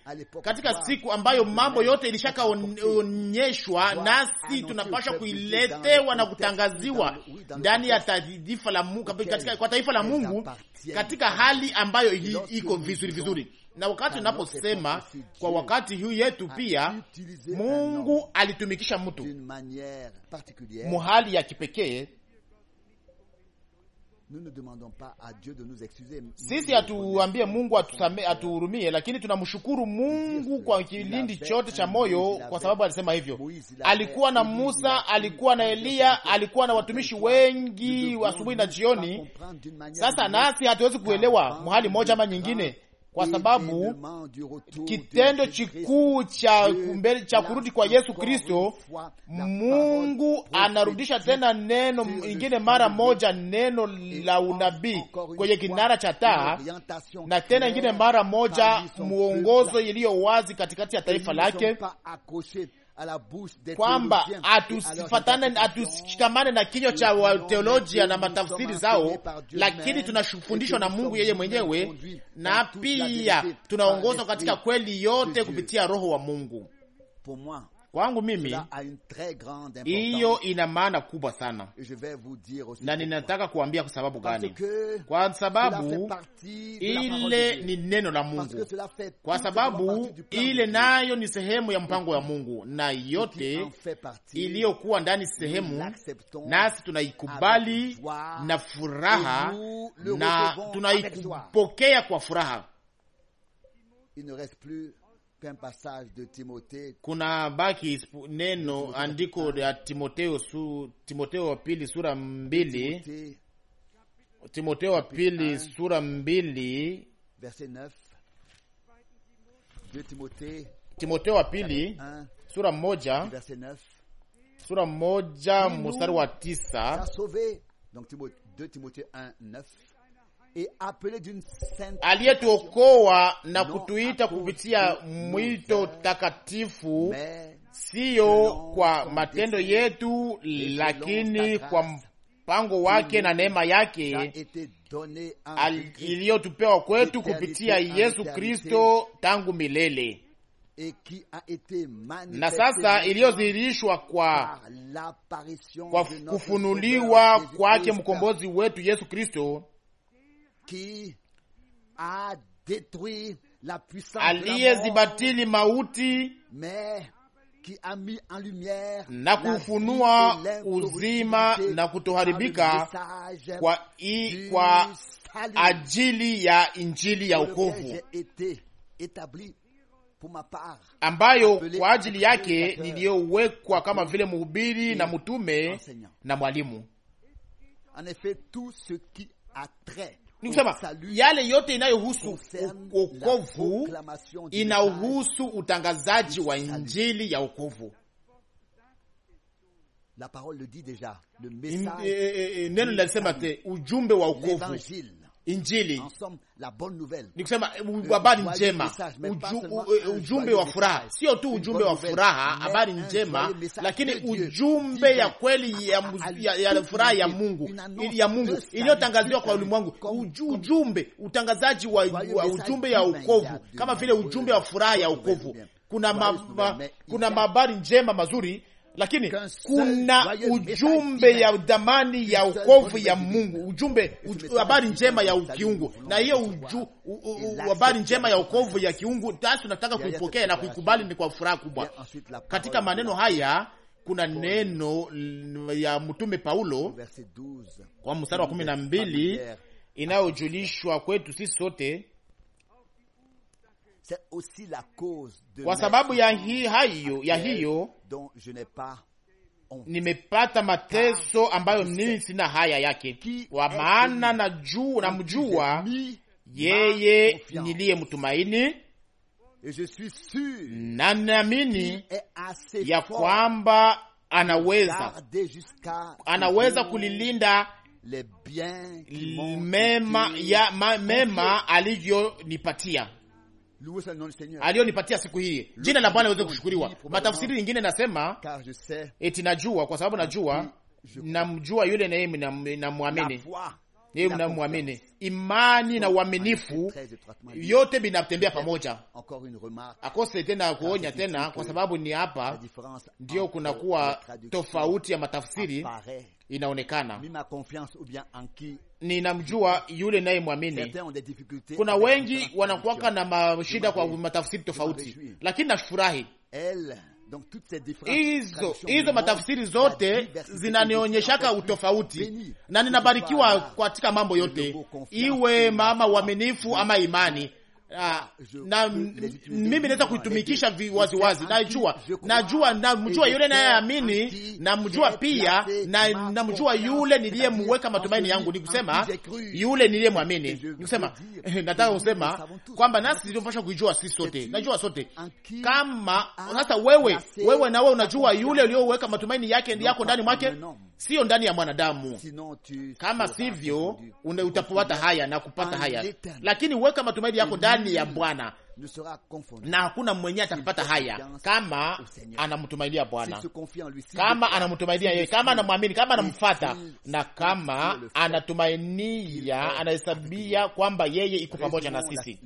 katika siku ambayo mambo yote ilishakaonyeshwa, nasi tunapasha kuiletewa na kutangaziwa ndani ya taifa la Mungu, katika, kwa taifa la Mungu katika hali ambayo iko vizuri vizuri na wakati unaposema kwa wakati huu yetu, pia Mungu alitumikisha mtu muhali ya kipekee. Sisi hatuambie Mungu atuhurumie, lakini tunamshukuru Mungu kwa kilindi chote cha moyo, kwa sababu alisema hivyo. Alikuwa na Musa, alikuwa na Eliya, alikuwa na watumishi wengi asubuhi na jioni. Sasa nasi hatuwezi kuelewa mahali moja ama nyingine kwa sababu kitendo chikuu cha, cha kurudi kwa Yesu Kristo, Mungu anarudisha tena neno ingine mara moja, neno la unabii kwenye kinara cha taa, na tena ingine mara moja mwongozo iliyo wazi katikati ya taifa lake kwamba atushikamane na kinywa cha wateolojia na matafsiri zao, lakini tunafundishwa na Mungu yeye mwenyewe, na pia tunaongozwa katika kweli yote kupitia Roho wa Mungu. Kwangu mimi hiyo ina maana kubwa sana, na ninataka kuambia kwa sababu gani? Kwa sababu ile ni neno la Mungu, kwa sababu ile nayo ni sehemu ya mpango ya Mungu, na yote iliyokuwa ndani sehemu, nasi tunaikubali na furaha na tunaipokea kwa furaha kuna baki neno andiko ah. ya Timoteo su, Timoteo wa pili sura mbili Timoteo wa pili sura mbili Timoteo wa pili sura moja sura moja mstari wa tisa aliyetuokoa na kutuita kupitia mwito takatifu, siyo kwa matendo yetu, lakini kwa mpango wake na neema yake iliyotupewa kwetu kupitia Yesu Kristo tangu milele na sasa iliyodhihirishwa kwa, kwa kufunuliwa kwake mkombozi wetu Yesu Kristo aliyezibatili mauti na kufunua uzima na kutoharibika kwa, i, kwa ajili ya Injili ya ukovu ambayo kwa ajili yake niliyowekwa kama vile mhubiri na mtume na mwalimu ni kusema yale yote inayohusu okovu inahusu utangazaji wa injili ya okovu. Eh, eh, eh, neno linalisema te ujumbe wa ukovu Injili ni kusema eh, habari njema, eh, ujumbe wa furaha, sio tu ujumbe wa furaha, habari njema, lakini ujumbe ya kweli ya furaha ya Mungu ya Mungu iliyotangaziwa kwa ulimwengu, ujumbe utangazaji wa ujumbe ya ukovu, kama vile ujumbe wa furaha ya ukovu. Kuna ma, ma, kuna njema mazuri lakini kuna ujumbe ya dhamani ya ukovu ya Mungu, ujumbe habari njema ya ukiungu na hiyo habari njema ya ukovu ya kiungu tasi tunataka kuipokea na kuikubali ni kwa furaha kubwa. Katika maneno haya kuna neno ya mtume Paulo kwa mstari wa kumi na mbili inayojulishwa kwetu sisi sote kwa sababu ya hii hayo ya hiyo nimepata mateso ambayo mimi sina haya yake, kwa maana najua namjua yeye niliye mtumaini, na naamini ya kwamba anaweza anaweza kulilinda mema, ya, ma, mema alivyonipatia aliyonipatia siku hii. Jina la Bwana liweze kushukuriwa. Matafsiri ingine nasema eti najua, kwa sababu najua, namjua yule naye namwamini yeye mnamwamini. Imani na uaminifu yote vinatembea pamoja. Akose tena kuonya tena, kwa sababu ni hapa ndiyo kunakuwa tofauti ya matafsiri inaonekana. Ninamjua yule mwamini. Kuna wengi wanakuwaka na mashida kwa matafsiri tofauti, lakini nafurahi hizo hizo matafsiri zote zinanionyeshaka utofauti, na ninabarikiwa katika mambo yote, iwe mama uaminifu ama imani Ah, na mimi naweza kuitumikisha waziwazi. Najua, najua, namjua yule nayeamini, namjua pia na namjua yule niliyemweka matumaini yangu, nikusema yule niliyemwamini, nikusema nataka kusema kwamba nasi tuliopasha kuijua sisi sote, najua sote kama sasa wewe wewe na wewe unajua yule uliyoweka matumaini yake yako ndani mwake, sio ndani ya mwanadamu. Kama sivyo, utapata haya na kupata haya, lakini weka matumaini yako mm-hmm. ndani ndani ya Bwana na hakuna mwenye atakapata haya kama anamtumainia Bwana, kama anamtumainia yeye, kama anamwamini, kama anamfata na kama anatumainia, anahesabia kwamba yeye iko pamoja na sisi.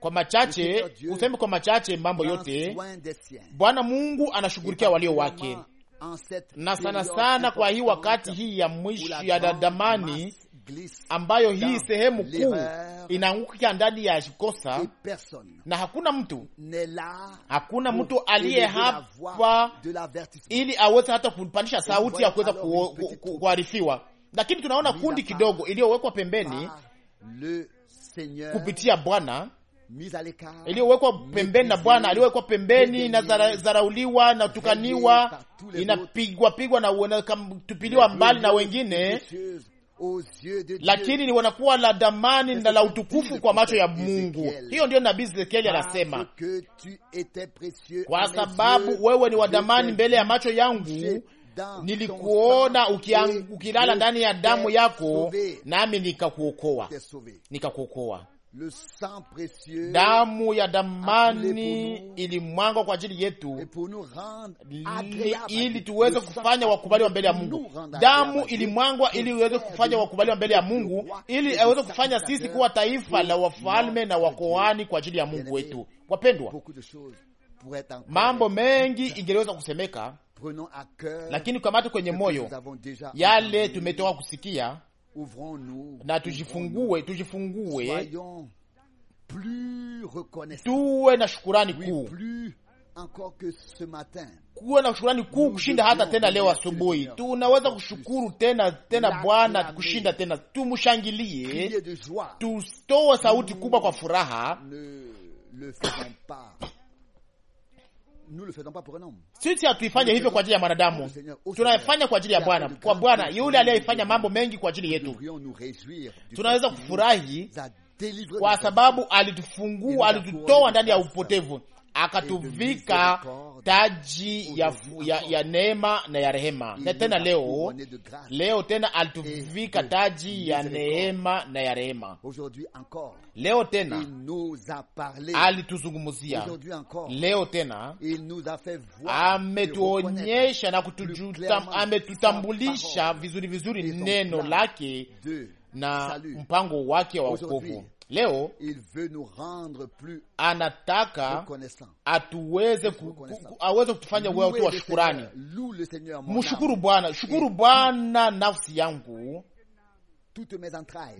Kwa machache useme, kwa machache mambo yote, Bwana Mungu anashughulikia walio wake, na sana sana kwa hii wakati hii ya mwisho ya dadamani ambayo hii sehemu kuu inaanguka ndani ya kosa, na hakuna mtu hakuna mtu aliye hapa ili aweze hata kupandisha sauti ya kuweza kuharifiwa ku, ku, lakini tunaona kundi kidogo iliyowekwa pembeni kupitia Bwana iliyowekwa pembeni na Bwana aliyowekwa pembeni na zarauliwa na tukaniwa, inapigwa pigwa na tupiliwa mbali na wengine lakini wanakuwa la damani na la utukufu kwa macho ya Mungu. Hiyo ndiyo nabii Ezekieli anasema, kwa sababu wewe ni wadamani mbele ya macho yangu, nilikuona ukilala ndani ya damu yako, nami nikakuokoa, nikakuokoa Le sang précieux damu ya damani ilimwangwa kwa ajili yetu ili tuweze kufanya wakubaliwa mbele ya Mungu. Damu ilimwangwa ili uweze kufanya wakubaliwa mbele ya Mungu, ili aweze kufanya sisi kuwa taifa la wafalme na wakohani kwa ajili ya Mungu wetu. Wapendwa, mambo mengi ingeliweza kusemeka, lakini kamate kwenye moyo yale tumetoka kusikia na tujifungue, tujifungue, tuwe na shukurani kuu kuwe na shukurani kuu kushinda hata tena leo asubuhi. Tunaweza kushukuru tena tena Bwana kushinda tena, tumshangilie, tutoe sauti kubwa kwa furaha sisi hatuifanye hivyo kwa ajili ya mwanadamu, tunafanya kwa ajili ya Bwana, kwa Bwana yule aliyeifanya mambo mengi kwa ajili yetu. Tunaweza kufurahi kwa sababu alitufungua, alitutoa ndani ya upotevu akatuvika taji ya, ya, ya neema na ya rehema. Na tena leo leo tena alituvika taji ya neema na ya rehema. Leo tena alituzungumzia, leo tena ametuonyesha na ametutambulisha vizuri vizuri neno lake na mpango wake wa wokovu Leo anataka atuweze aweze kutufanya watu wa Mshukuru Bwana, shukuru Bwana nafsi yangu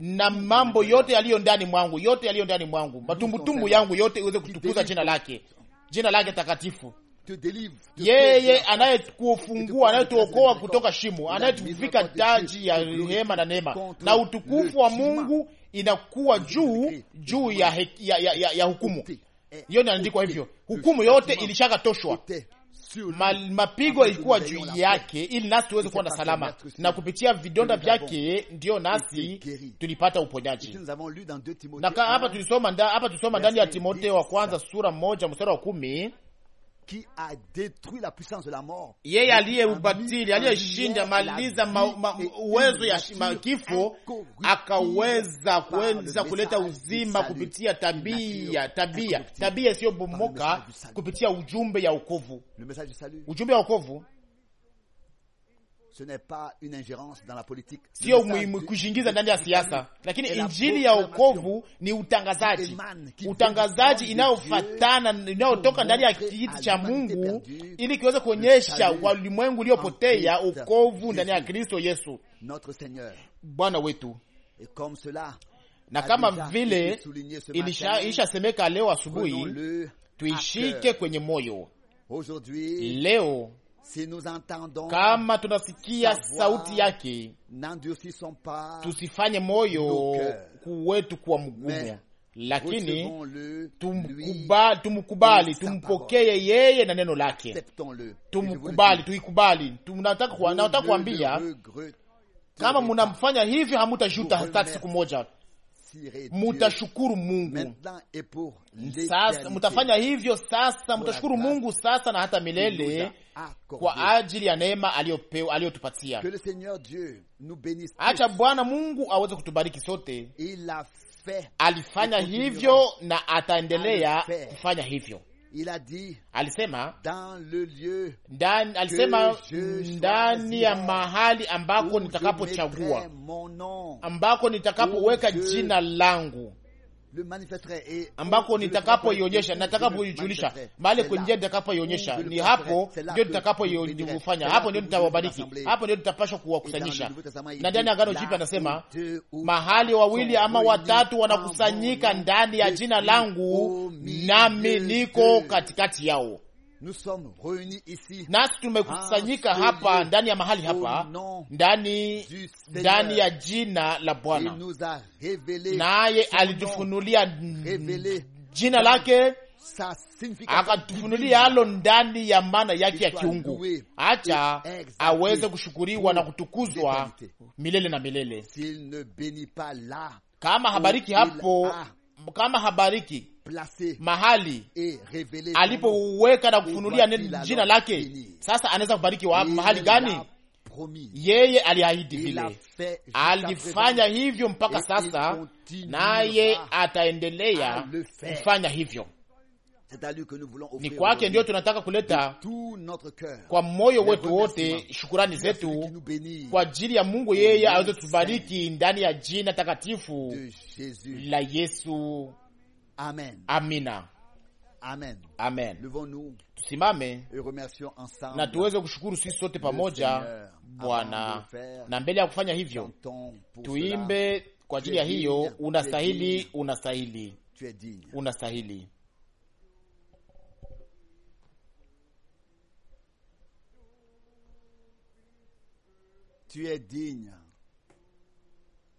na mambo yote yaliyo ndani mwangu, yote yaliyo ndani mwangu, matumbutumbu yangu yote iweze kutukuza jina lake, jina lake takatifu. Yeye anayekufungua, anayetuokoa kutoka shimo, anayetuvika taji ya rehema na neema na utukufu wa Mungu inakuwa juu juu ya, hek, ya, ya, ya, ya hukumu. Hiyo inaandikwa hivyo, hukumu yote ilishaka toshwa, ma, mapigo ilikuwa juu yake, ili nasi tuweze kuwa na salama, na kupitia vidonda vyake ndiyo nasi tulipata uponyaji. Na hapa tulisoma ndani ya Timotheo wa kwanza sura moja mstari wa kumi yeye aliyeubatili ubatili aliyeshinda maliza uwezo ya kifo, akaweza kuweza kuleta uzima kupitia tabia tabia tabia isiyobomoka, kupitia ujumbe ya wokovu, ujumbe ya wokovu sio kujiingiza ndani ya siasa, lakini injili ya wokovu ni utangazaji, utangazaji inayofatana inayotoka ndani ya kiti cha Mungu ili kiweze kuonyesha walimwengu uliopotea wokovu ndani ya Kristo Yesu Bwana wetu na kama vile ilishasemeka leo asubuhi, tuishike kwenye moyo leo kama tunasikia sauti yake, tusifanye moyo wetu kuwa mgumu, lakini tumkubali, tumpokee yeye na neno lake, tumkubali, tuikubali. Nataka kuambia kama munamfanya hivyo, hamutajuta hata siku moja mutashukuru Mungu sasa, mutafanya hivyo sasa, mutashukuru Mungu sasa na hata milele kwa ajili ya neema aliyotupatia. Acha Bwana Mungu aweze kutubariki sote. Alifanya hivyo na ataendelea kufanya hivyo. Il a dit, alisema ndani, alisema ndani ya mahali ambako nitakapochagua, ambako nitakapoweka jina langu ambako nitakapoionyesha natakapoijulisha mahali kwenye nitakapoionyesha, ni hapo ndio nitakapoifanya, hapo ndio nitawabariki, hapo ndio nitapashwa kuwakusanyisha. Na ndani ya Agano Jipya anasema mahali wawili ama watatu wanakusanyika ndani ya jina langu, nami niko katikati yao nasi tumekusanyika hapa ndani ya mahali hapa ndani ndani ya jina la Bwana, naye alitufunulia jina lake akatufunulia alo ndani ya maana yake ya kiungu, acha aweze kushukuriwa na kutukuzwa milele na milele. Kama habariki hapo, kama habariki mahali alipoweka na kufunulia jina lake. Sasa anaweza kubariki wa mahali gani? Yeye aliahidi vile, alifanya hivyo mpaka sasa, naye ataendelea kufanya hivyo. Ni kwake ndiyo tunataka kuleta kwa moyo wetu wote shukurani zetu kwa ajili ya Mungu, yeye aweze kutubariki ndani ya jina takatifu la Yesu Amen. Amina. Amen. Amen. Levons-nous. Tusimame na tuweze kushukuru sisi sote pamoja Bwana, na mbele ya kufanya hivyo tuimbe kwa ajili ya hiyo. Unastahili, unastahili, unastahili.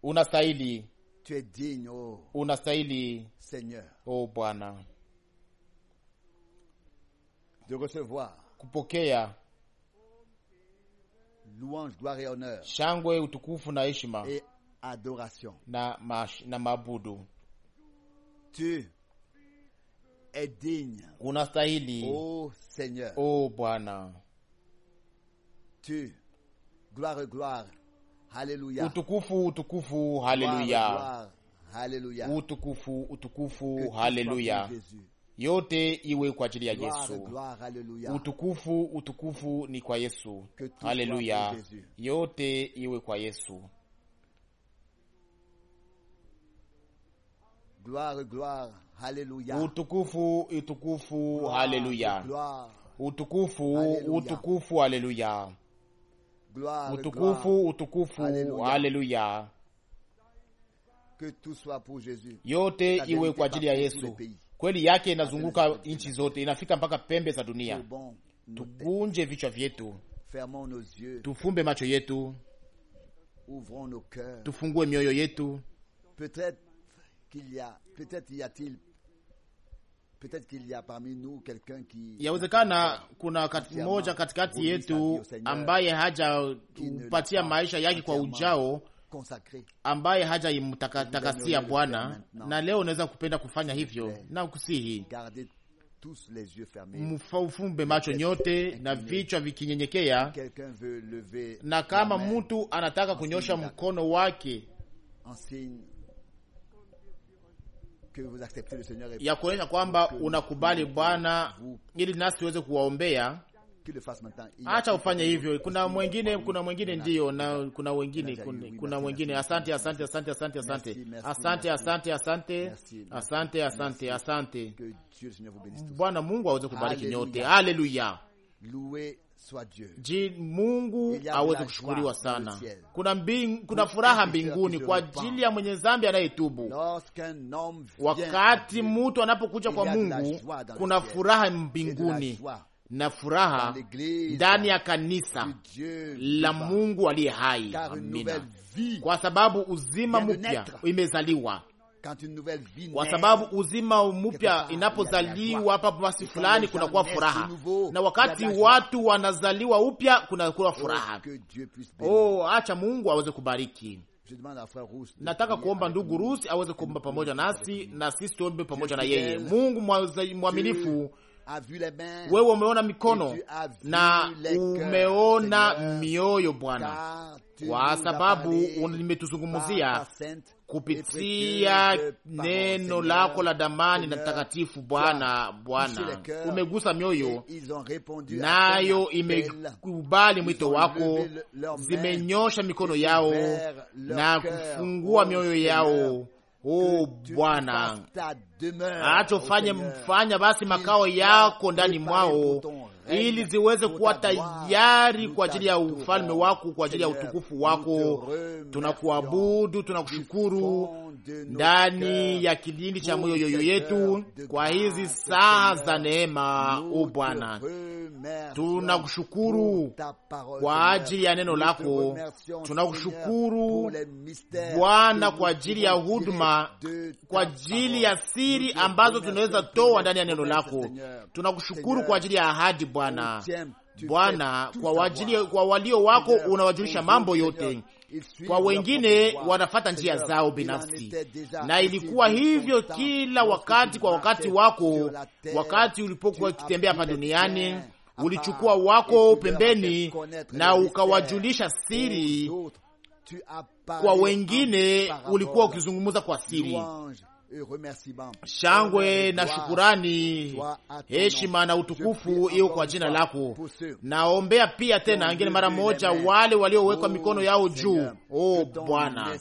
Unastahili tu es digne, oh, unastahili Seigneur, oh Bwana, de recevoir kupokea louange, gloire et honneur, shangwe, utukufu na heshima et adoration na mash, na mabudu. Tu es digne, unastahili oh Seigneur, oh Bwana, tu gloire gloire Haleluya. Utukufu, utukufu, haleluya. Haleluya. Utukufu, utukufu, haleluya. Yote iwe kwa ajili ya Yesu. Utukufu, utukufu ni kwa Yesu. Haleluya. Yote iwe kwa Yesu. Gloire, gloire, haleluya. Utukufu, utukufu, haleluya. Utukufu, utukufu, haleluya. utukufu, utukufu Utukufu, haleluya! Yote iwe kwa ajili ya Yesu. Kweli yake inazunguka nchi zote, inafika mpaka pembe za dunia. Tukunje vichwa vyetu, tufumbe macho yetu, tufungue mioyo yetu peut-être qu'il y a parmi nous quelqu'un qui yawezekana, kuna kati moja katikati yetu ambaye hajapatia maisha yake kwa ujao ambaye haja imtakatia Bwana, na leo unaweza kupenda kufanya hivyo, na kusihi mfaufumbe macho nyote na vichwa vikinyenyekea, na kama mtu anataka kunyosha mkono wake ya kuonyesha kwamba unakubali Bwana ili nasi tuweze kuwaombea. Acha ufanye hivyo. Kuna mwengine, kuna mwengine ndiyo, na kuna wengine, kuna mwengine. Asante, asante, asante, asante, asante, asante, asante, asante, asante, asante, asante. Bwana Mungu aweze kubariki nyote. Haleluya. Je, Mungu aweze kushukuriwa sana. Kuna, mbing, kuna furaha mbinguni kwa ajili ya mwenye zambi anayetubu. Wakati mtu anapokuja kwa Mungu, kuna furaha mbinguni na furaha ndani ya kanisa la Mungu aliye hai. Amina, kwa sababu uzima mpya imezaliwa kwa sababu uzima mpya inapozaliwa hapa basi fulani kunakuwa furaha, na wakati watu wanazaliwa upya kunakuwa oh, furaha. Oh, acha Mungu aweze kubariki. Nataka kuomba ndugu Rusi aweze kuomba pamoja nasi na sisi tuombe pamoja na yeye. Mungu mwaminifu wewe umeona mikono na umeona mioyo Bwana, kwa sababu limetuzungumzia kupitia neno lako la damani na takatifu. Bwana, Bwana, umegusa mioyo nayo imekubali mwito wako, zimenyosha mikono yao na kufungua mioyo yao O oh, Bwana, acha mfanya oh basi makao yako ndani mwao ili ziweze kuwa tayari kwa ajili ya ufalme wako, kwa ajili ya utukufu wako. Tunakuabudu, tunakushukuru ndani ya kilindi cha moyo yetu kwa hizi saa za neema. O Bwana, tunakushukuru kwa ajili ya neno lako, tunakushukuru Bwana kwa ajili ya huduma, kwa ajili ya siri ambazo tunaweza toa ndani ya neno lako. Tunakushukuru kwa ajili ya ahadi Bwana, Bwana, kwa kwa walio wako unawajulisha mambo yote, kwa wengine wanafata njia zao binafsi, na ilikuwa hivyo kila wakati kwa wakati wako. Wakati ulipokuwa ukitembea hapa duniani, ulichukua wako pembeni na ukawajulisha siri oh, kwa wengine, ulikuwa ukizungumza kwa siri Shangwe na shukurani, heshima na utukufu iwe kwa jina lako. Naombea pia tena angine mara moja wale waliowekwa oh, mikono yao juu. O oh, Bwana,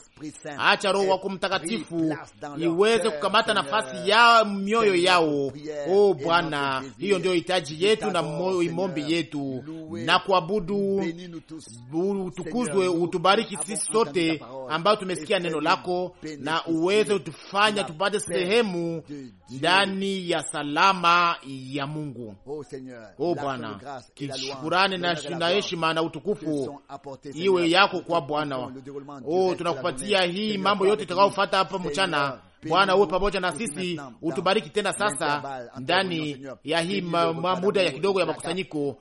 acha Roho wako Mtakatifu iweze kukamata nafasi ya mioyo yao. O oh, Bwana, hiyo ndio hitaji yetu na imombi yetu na kuabudu. Utukuzwe, utubariki sisi sote ambao tumesikia neno lako, na uweze utufanya tupa tupate sehemu ndani ya salama ya Mungu. O oh, oh, Bwana, kishukurani na heshima na utukufu iwe yako kwa Bwana. O, oh, tunakupatia hii mambo yote itakayofuata hapa mchana Bwana uwe pamoja na sisi, utubariki tena sasa ndani ya hii muda ya kidogo ya makusanyiko,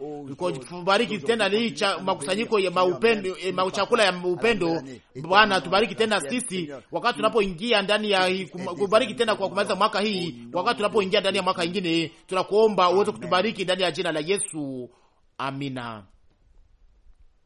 tubariki tena hii makusanyiko ya maupendo, chakula ya upendo. Bwana tubariki tena sisi wakati tunapoingia ndani ya kubariki tena kwa kumaliza mwaka hii, oh, wakati tunapoingia ndani ya mwaka ingine, tunakuomba uweze kutubariki ndani ya jina la Yesu, amina.